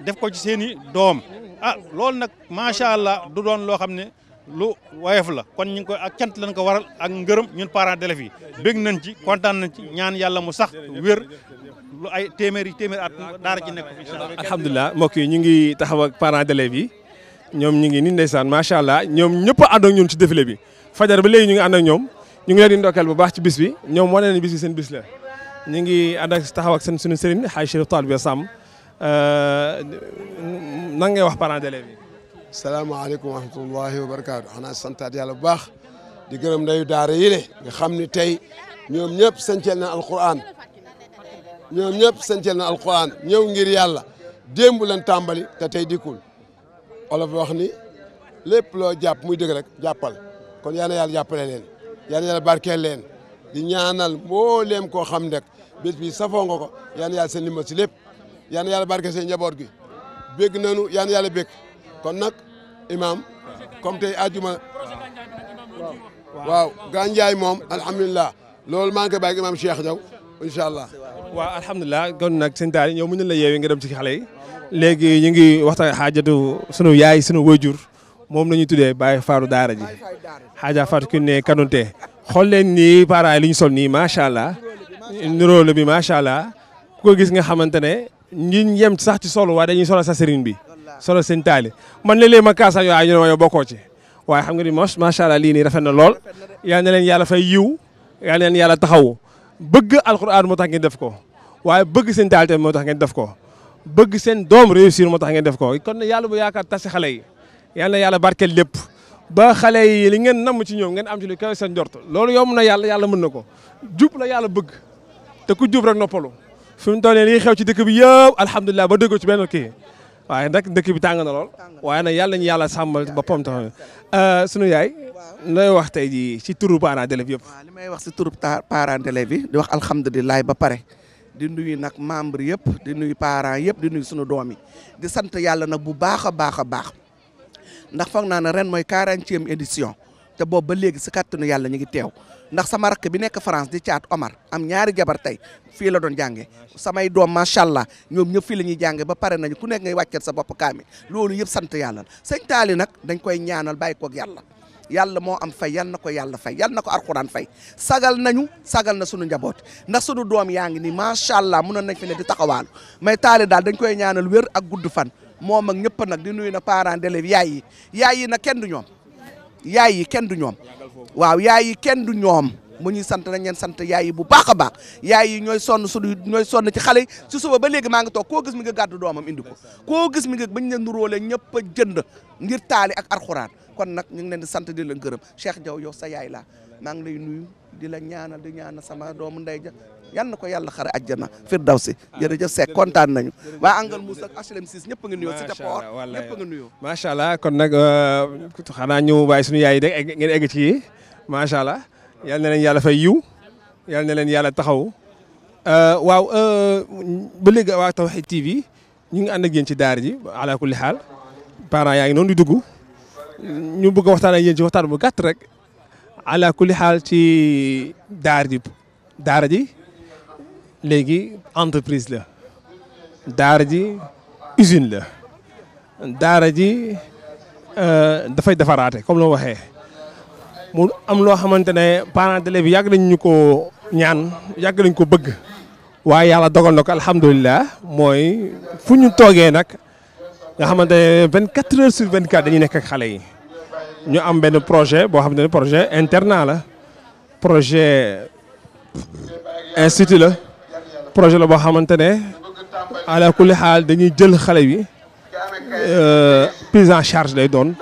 def ko ci seen i doom ah loolu nag macha allah du doon loo xam ne lu woyof la kon ñu ngi koy ak cant lañ ko waral ak ngërëm ñun parents d'élèves yi bég nañ ci kontaan nañ ci ñaan yàlla mu sax wér lu ay téeméeri téeméeri at daara ci nekk incha allah. alhamdulilah mbokk yi ñu ngi taxaw ak parents d'élèves yi ñoom ñu ngi nii ndeysaan macha allah ñoom ñëpp a ànd ci défilé bi. fajar ba léegi ñu ngi ànd ak ñoom ñu ngi leen di bu baax ci bis bi ñoom wane nañu bis bi seen bis la ñu ngi ànd ak taxaw ak seen suñu sëriñ xaaj Chérif Talibé Samb euh, nan ngay wax parents d'élèves yi. salaamaaleykum wa rahmatullahi wa barakaatu xanaa santaat yàlla bu baax di gërëm ndeyu daara yi ne nga xam ni tey ñoom ñëpp sancel na alquran ñoom ñëpp sancel na alquran ñëw ngir yàlla démb lan tàmbali te tey dikkul olof wax ni lépp loo jàpp muy dëgg rek jàppal. kon yal na yàlla jàppale leen yal na yàlla barkeel leen di ñaanal mbooleem koo xam nekk bés bi safoo nga ko yal na yàlla seen limal si lépp yal na yàlla barkeel seen njaboot gi bégg nañu yal na yàlla bégg kon nag imaam comme tey ajuma waaw gànjaay moom alhamdulilah loolu maa ngi koy bàyyi imaam Cheikh Diaw incha allah. waaw alhamdulilah kon nag sëñ Tall ñëw mu ñu la yeewee nga dem ci xale yi léegi ñu ngi waxtaan xaajatu sunu yaay sunu wayjur moom la ñuy tuddee Baye Faaru daara ji xaaja Fatou Kiné Kanouté xool leen nii paraay li ñu sol nii macha allah nuroole bi macha allah ku ko gis nga xamante ne ñi yem sax ci solo waaye dañuy sol a sëriñ bi solo seen taali man léeg leen ma kaasa yow ñu ne ma yow bokkoo ci waaye xam nga ni mos macha allah lii nii rafet na lool yal na leen yàlla fay yiw yal na leen yàlla taxaw bëgg alxuraan moo tax ngeen def ko waaye bëgg seen taali tamit moo tax ngeen def ko bëgg seen doom réussir moo tax ngeen def ko kon yàlla bu yaakaar tasi xale yi yal na yàlla barkeel lépp ba xale yi li ngeen namm ci ñoom ngeen am ci lu kawe seen njort loolu yomb na yàlla yàlla mun na ko jub la yàlla bëgg te ku jub rek noppalu fi mu nii li xew ci dëkk bi yëpp alhamdulilah ba dëggoo ci benn kii waaye nag dëkk bi tàng na lool waaye nag yàlla ñu yàlla sàmmal boppam tax euh, sunu yaay nooy wax tey jii ci turu parents yëpp. li may wax si turu parents d'élèves di wax alhamdulilah ba pare. di nuy nag membre yëpp di nuyu parents yëpp di nuy sunu doom yi di sant yàlla nag bu baax a baax a baax ndax foog naa ne ren mooy quarantième édition te boobu ba léegi si kàttanu yàlla ñu ngi teew ndax sama rakk bi nekk France di caat Omar am ñaari jabar tey fii la doon jànge samay doom macha allah ñoom ñëpp fii la ñuy jànge ba pare nañu ku nekk ngay wàcceel sa bopp kaami loolu yëpp sant yàlla sëñ taali nag dañ koy ñaanal bàyyi koog yàlla yàlla moo am fay yal na ko yàlla fay yal na ko alxuraan fay sagal nañu sagal na sunu njaboot ndax sunu doom yaa ngi nii macha allah mënoon nañ fi di taxawaalu mais taali daal dañ koy ñaanal wér ak gudd fan moom ak ñëpp nag di nuyu na parents d'élèves yaay yi yaay yi nag kenn du ñoom yaay yi kenn du ñoom waaw yaay yi kenn du ñoom mu ñuy sant nañ leen sant yaay yi bu baax a baax yaay yi ñooy sonn suñu ñooy sonn ci xale yi si suba ba léegi maa ngi toog koo gis mi nga gàddu doomam indi ko koo gis mi nga bañ leen nuróole ñëpp a jënd ngir taali ak arxuraan kon nag ñu ngi leen di sant di leen gërëm Cheikh Diaw yow sa yaay laa maa ngi lay nuyu di la ñaanal di ñaanal sama doomu ndey ja yal na ko yàlla xare àjjana si jërëjëf Seck kontaan nañu waa Angle Mousse ak HLM 6 ñëpp nga nuyoo Cité Port ñëpp nga nuyoo macha allah kon nag euh, xanaa ñu bàyyi suñu yaay de ngeen egg ci yi macha allah yal na leen yàlla fay yiw yal na leen yàlla taxaw euh, waaw euh, ba léegi waa Tawhid TV ñu ngi ànd ak yéen ci daar ji ala kulli xaal parents yaa ngi noonu di dugg ñu bëgg a waxtaan ak yéen ci waxtaan bu gàtt rek ala kulli xaal ci daar ji daara ji léegi entreprise la daara ji usine la daara ji euh, dafay defaraate comme loo waxee mu am loo xamante ne parents d'élèves bi yàgg nañ ñu ko ñaan yàgg nañ ko bëgg waaye yàlla dogal na ko alhamdulilah mooy fu ñu toogee nag nga xamante ne vingt quatre heures sur vingt quatre dañuy nekk xale yi ñu am benn projet boo xamante ne projet internat la projet institut la projet la boo xamante ne ala kulli xaal dañuy jël xale bi euh, prise en charge lay doon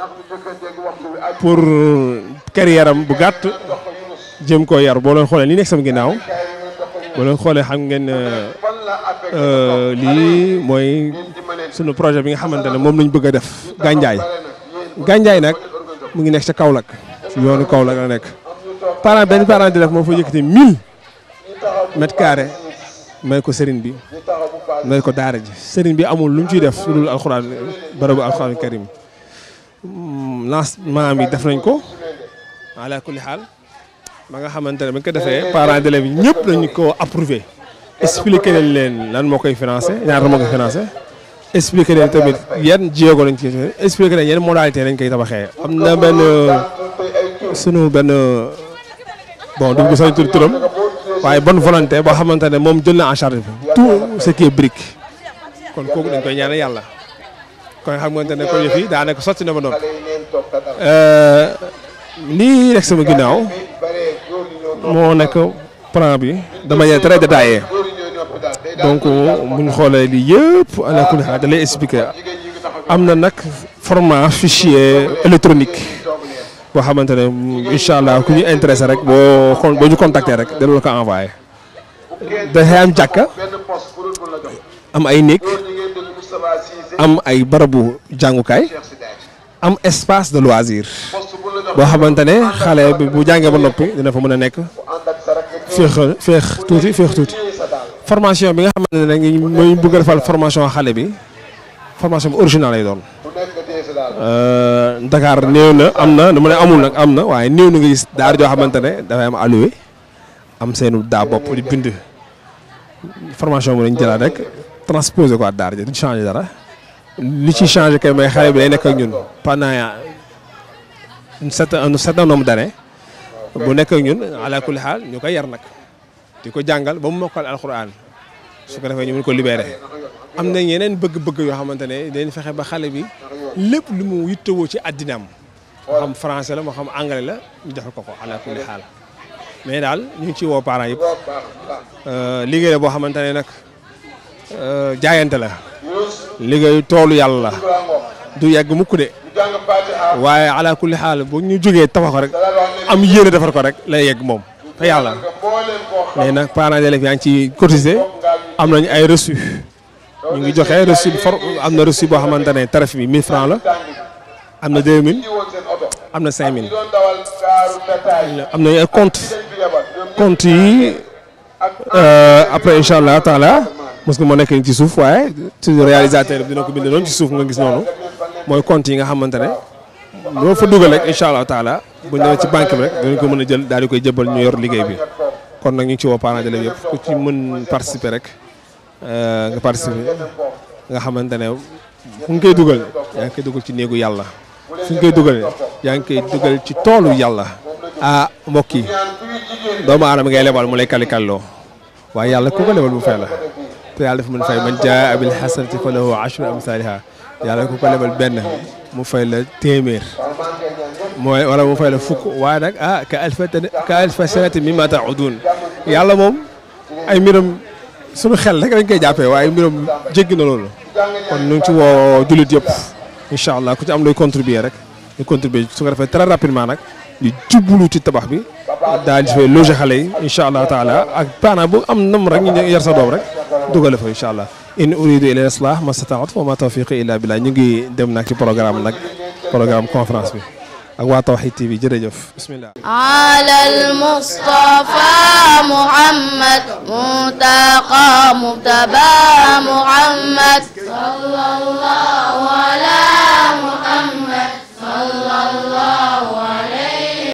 pour euh, carrière am bu gàtt jëm koo yar boo leen xoolee ni nekk sama ginnaaw boo leen xoolee xam ngeen euh, lii mooy sunu projet bi nga xamante ne moom lañ bëgg a def gànjaay gànjaay nag mu ngi nekk ca Kaolack ci yoonu Kaolack la nekk parent benn parent di def moo fa yëkkati 1000 mètres carrés may ko sëriñ bi may ko daara ji sëriñ bi amul lu mu ciy def lu dul alxuraan barabu alxuraan karim mm, lancement bi def nañ ko ala kulli xaal ma nga xamante ne ba ñu ko defee parent d'élèves yi ñëpp dañu ko approuvé expliqué nañ leen lan moo koy financé ñaata moo koy financé expliqué leen tamit yan jéego lañ ci expliqué leen yan modalité lañ koy tabaxee am na benn sunu benn bon du ko sañ turam waaye bon volonté boo xamante ne moom jël na en charge tout ce qui est brique kon kooku dañ koy ñaanal yàlla kon xam nga ne ko yëf yi daanaka sotti na ma noppi euh, lii sama ginnaaw moo nekk plan bi de manière très détaillée donc bu ñu xoolee lii yëpp ala kulli xaal da am na nag format fichier électronique. koo xamante ne incha allah ku ñu intéressé rek boo boo ñu contacter rek dina la ko envoyé. dafay am jàkka am ay néeg am ay barabu jàngukaay am espace de loisir boo xamante ne xale bu jàngee ba noppi dina fa mën a nekk féex féex tuuti féex tuuti. formation bi nga xamante ne nag mooy bëgg a defal formation xale bi formation bi original lay doon. Euh, Dakar néew na am na dama ne amul nag am na waaye néew na nga gis daara joo xamante ne dafay am alloué am seenu daa bopp di bind formation bi dañ jëlaat changé dara li ci changé kay may xale bi day nekk ak ñun bu nekk ñun ala xaal ñu koy yar nag di ko jàngal ba mu mokkal alxuraan su ko defee ñu mun ko libéré am nañ yeneen bëgg-bëgg yoo xamante ne dañ fexe ba xale bi lépp lu mu yittewoo ci addinaam moo xam français la moo xam anglais la ñu ko ko ala kulli mais daal ñu ngi ciy woo parents yëpp euh, liggéey boo xamante ne nag euh, jaayante la liggéey toolu yàlla la du yegg mukk de waaye ala kulli xaal bu ñu jógee tabax rek am yéene defar ko rek lay yegg moom te yàlla mais nag parents d'élèves yaa ngi ci cotisé am nañu ay reçu ñu ngi joxe reçu for am na reçu boo xamante ne tarif bi la am na 2000 am na 5000 am na compte compte yi euh, après incha allah taala mos nga moo nekk ci suuf waaye ci réalisateur bi dina ko bind noonu ci suuf nga gis noonu mooy compte yi nga xamante ne loo fa dugal rek incha allah taala bu ñëwee ci banque bi rek dinañ ko mën a jël daal di koy jëbal ñu yor liggéey bi kon nag ñu ci woo parents d'élèves yëpp ku ci mën participer rek. Euh, nga participer nga xamante ne fu nga dugal yaa ngi dugal ci néegu yàlla fu nga dugal yaa ngi koy dugal ci toolu yàlla ah mbokk yi doomu aadama ngay lebal mu lay kali kalloo waaye yàlla ku ko lebal mu fay la te yàlla dafa mën fay man jaa abil hasanati ashru amsaliha yàlla ku ko lebal benn mu fay la téeméer wala mu fay la fukk waaye nag ah, ka alfa ka alfa sanati mimma taudun yàlla ay mbiram suñu xel rek dañ koy jàppee waaye mbiram jéggi na loolu kon nu ngi ci woo jullit yëpp incha allah ku ci am looy contribuer rek ñu su ko defee très rapidement nag ñu jublu tabax bi daal di fay xale yi incha allah taala ak paana bu am nam rek ñu yar sa doom rek dugale fa incha allah in uridu ila islah ma stataat wa ma tawfiqi illa billah ñu ngi dem nag ci programme nag programme conférence bi ak waa Tawhid TV jërëjëf bismillah alal mustafa muhammad mutaqa mutaba muhammad sallallahu ala muhammad sallallahu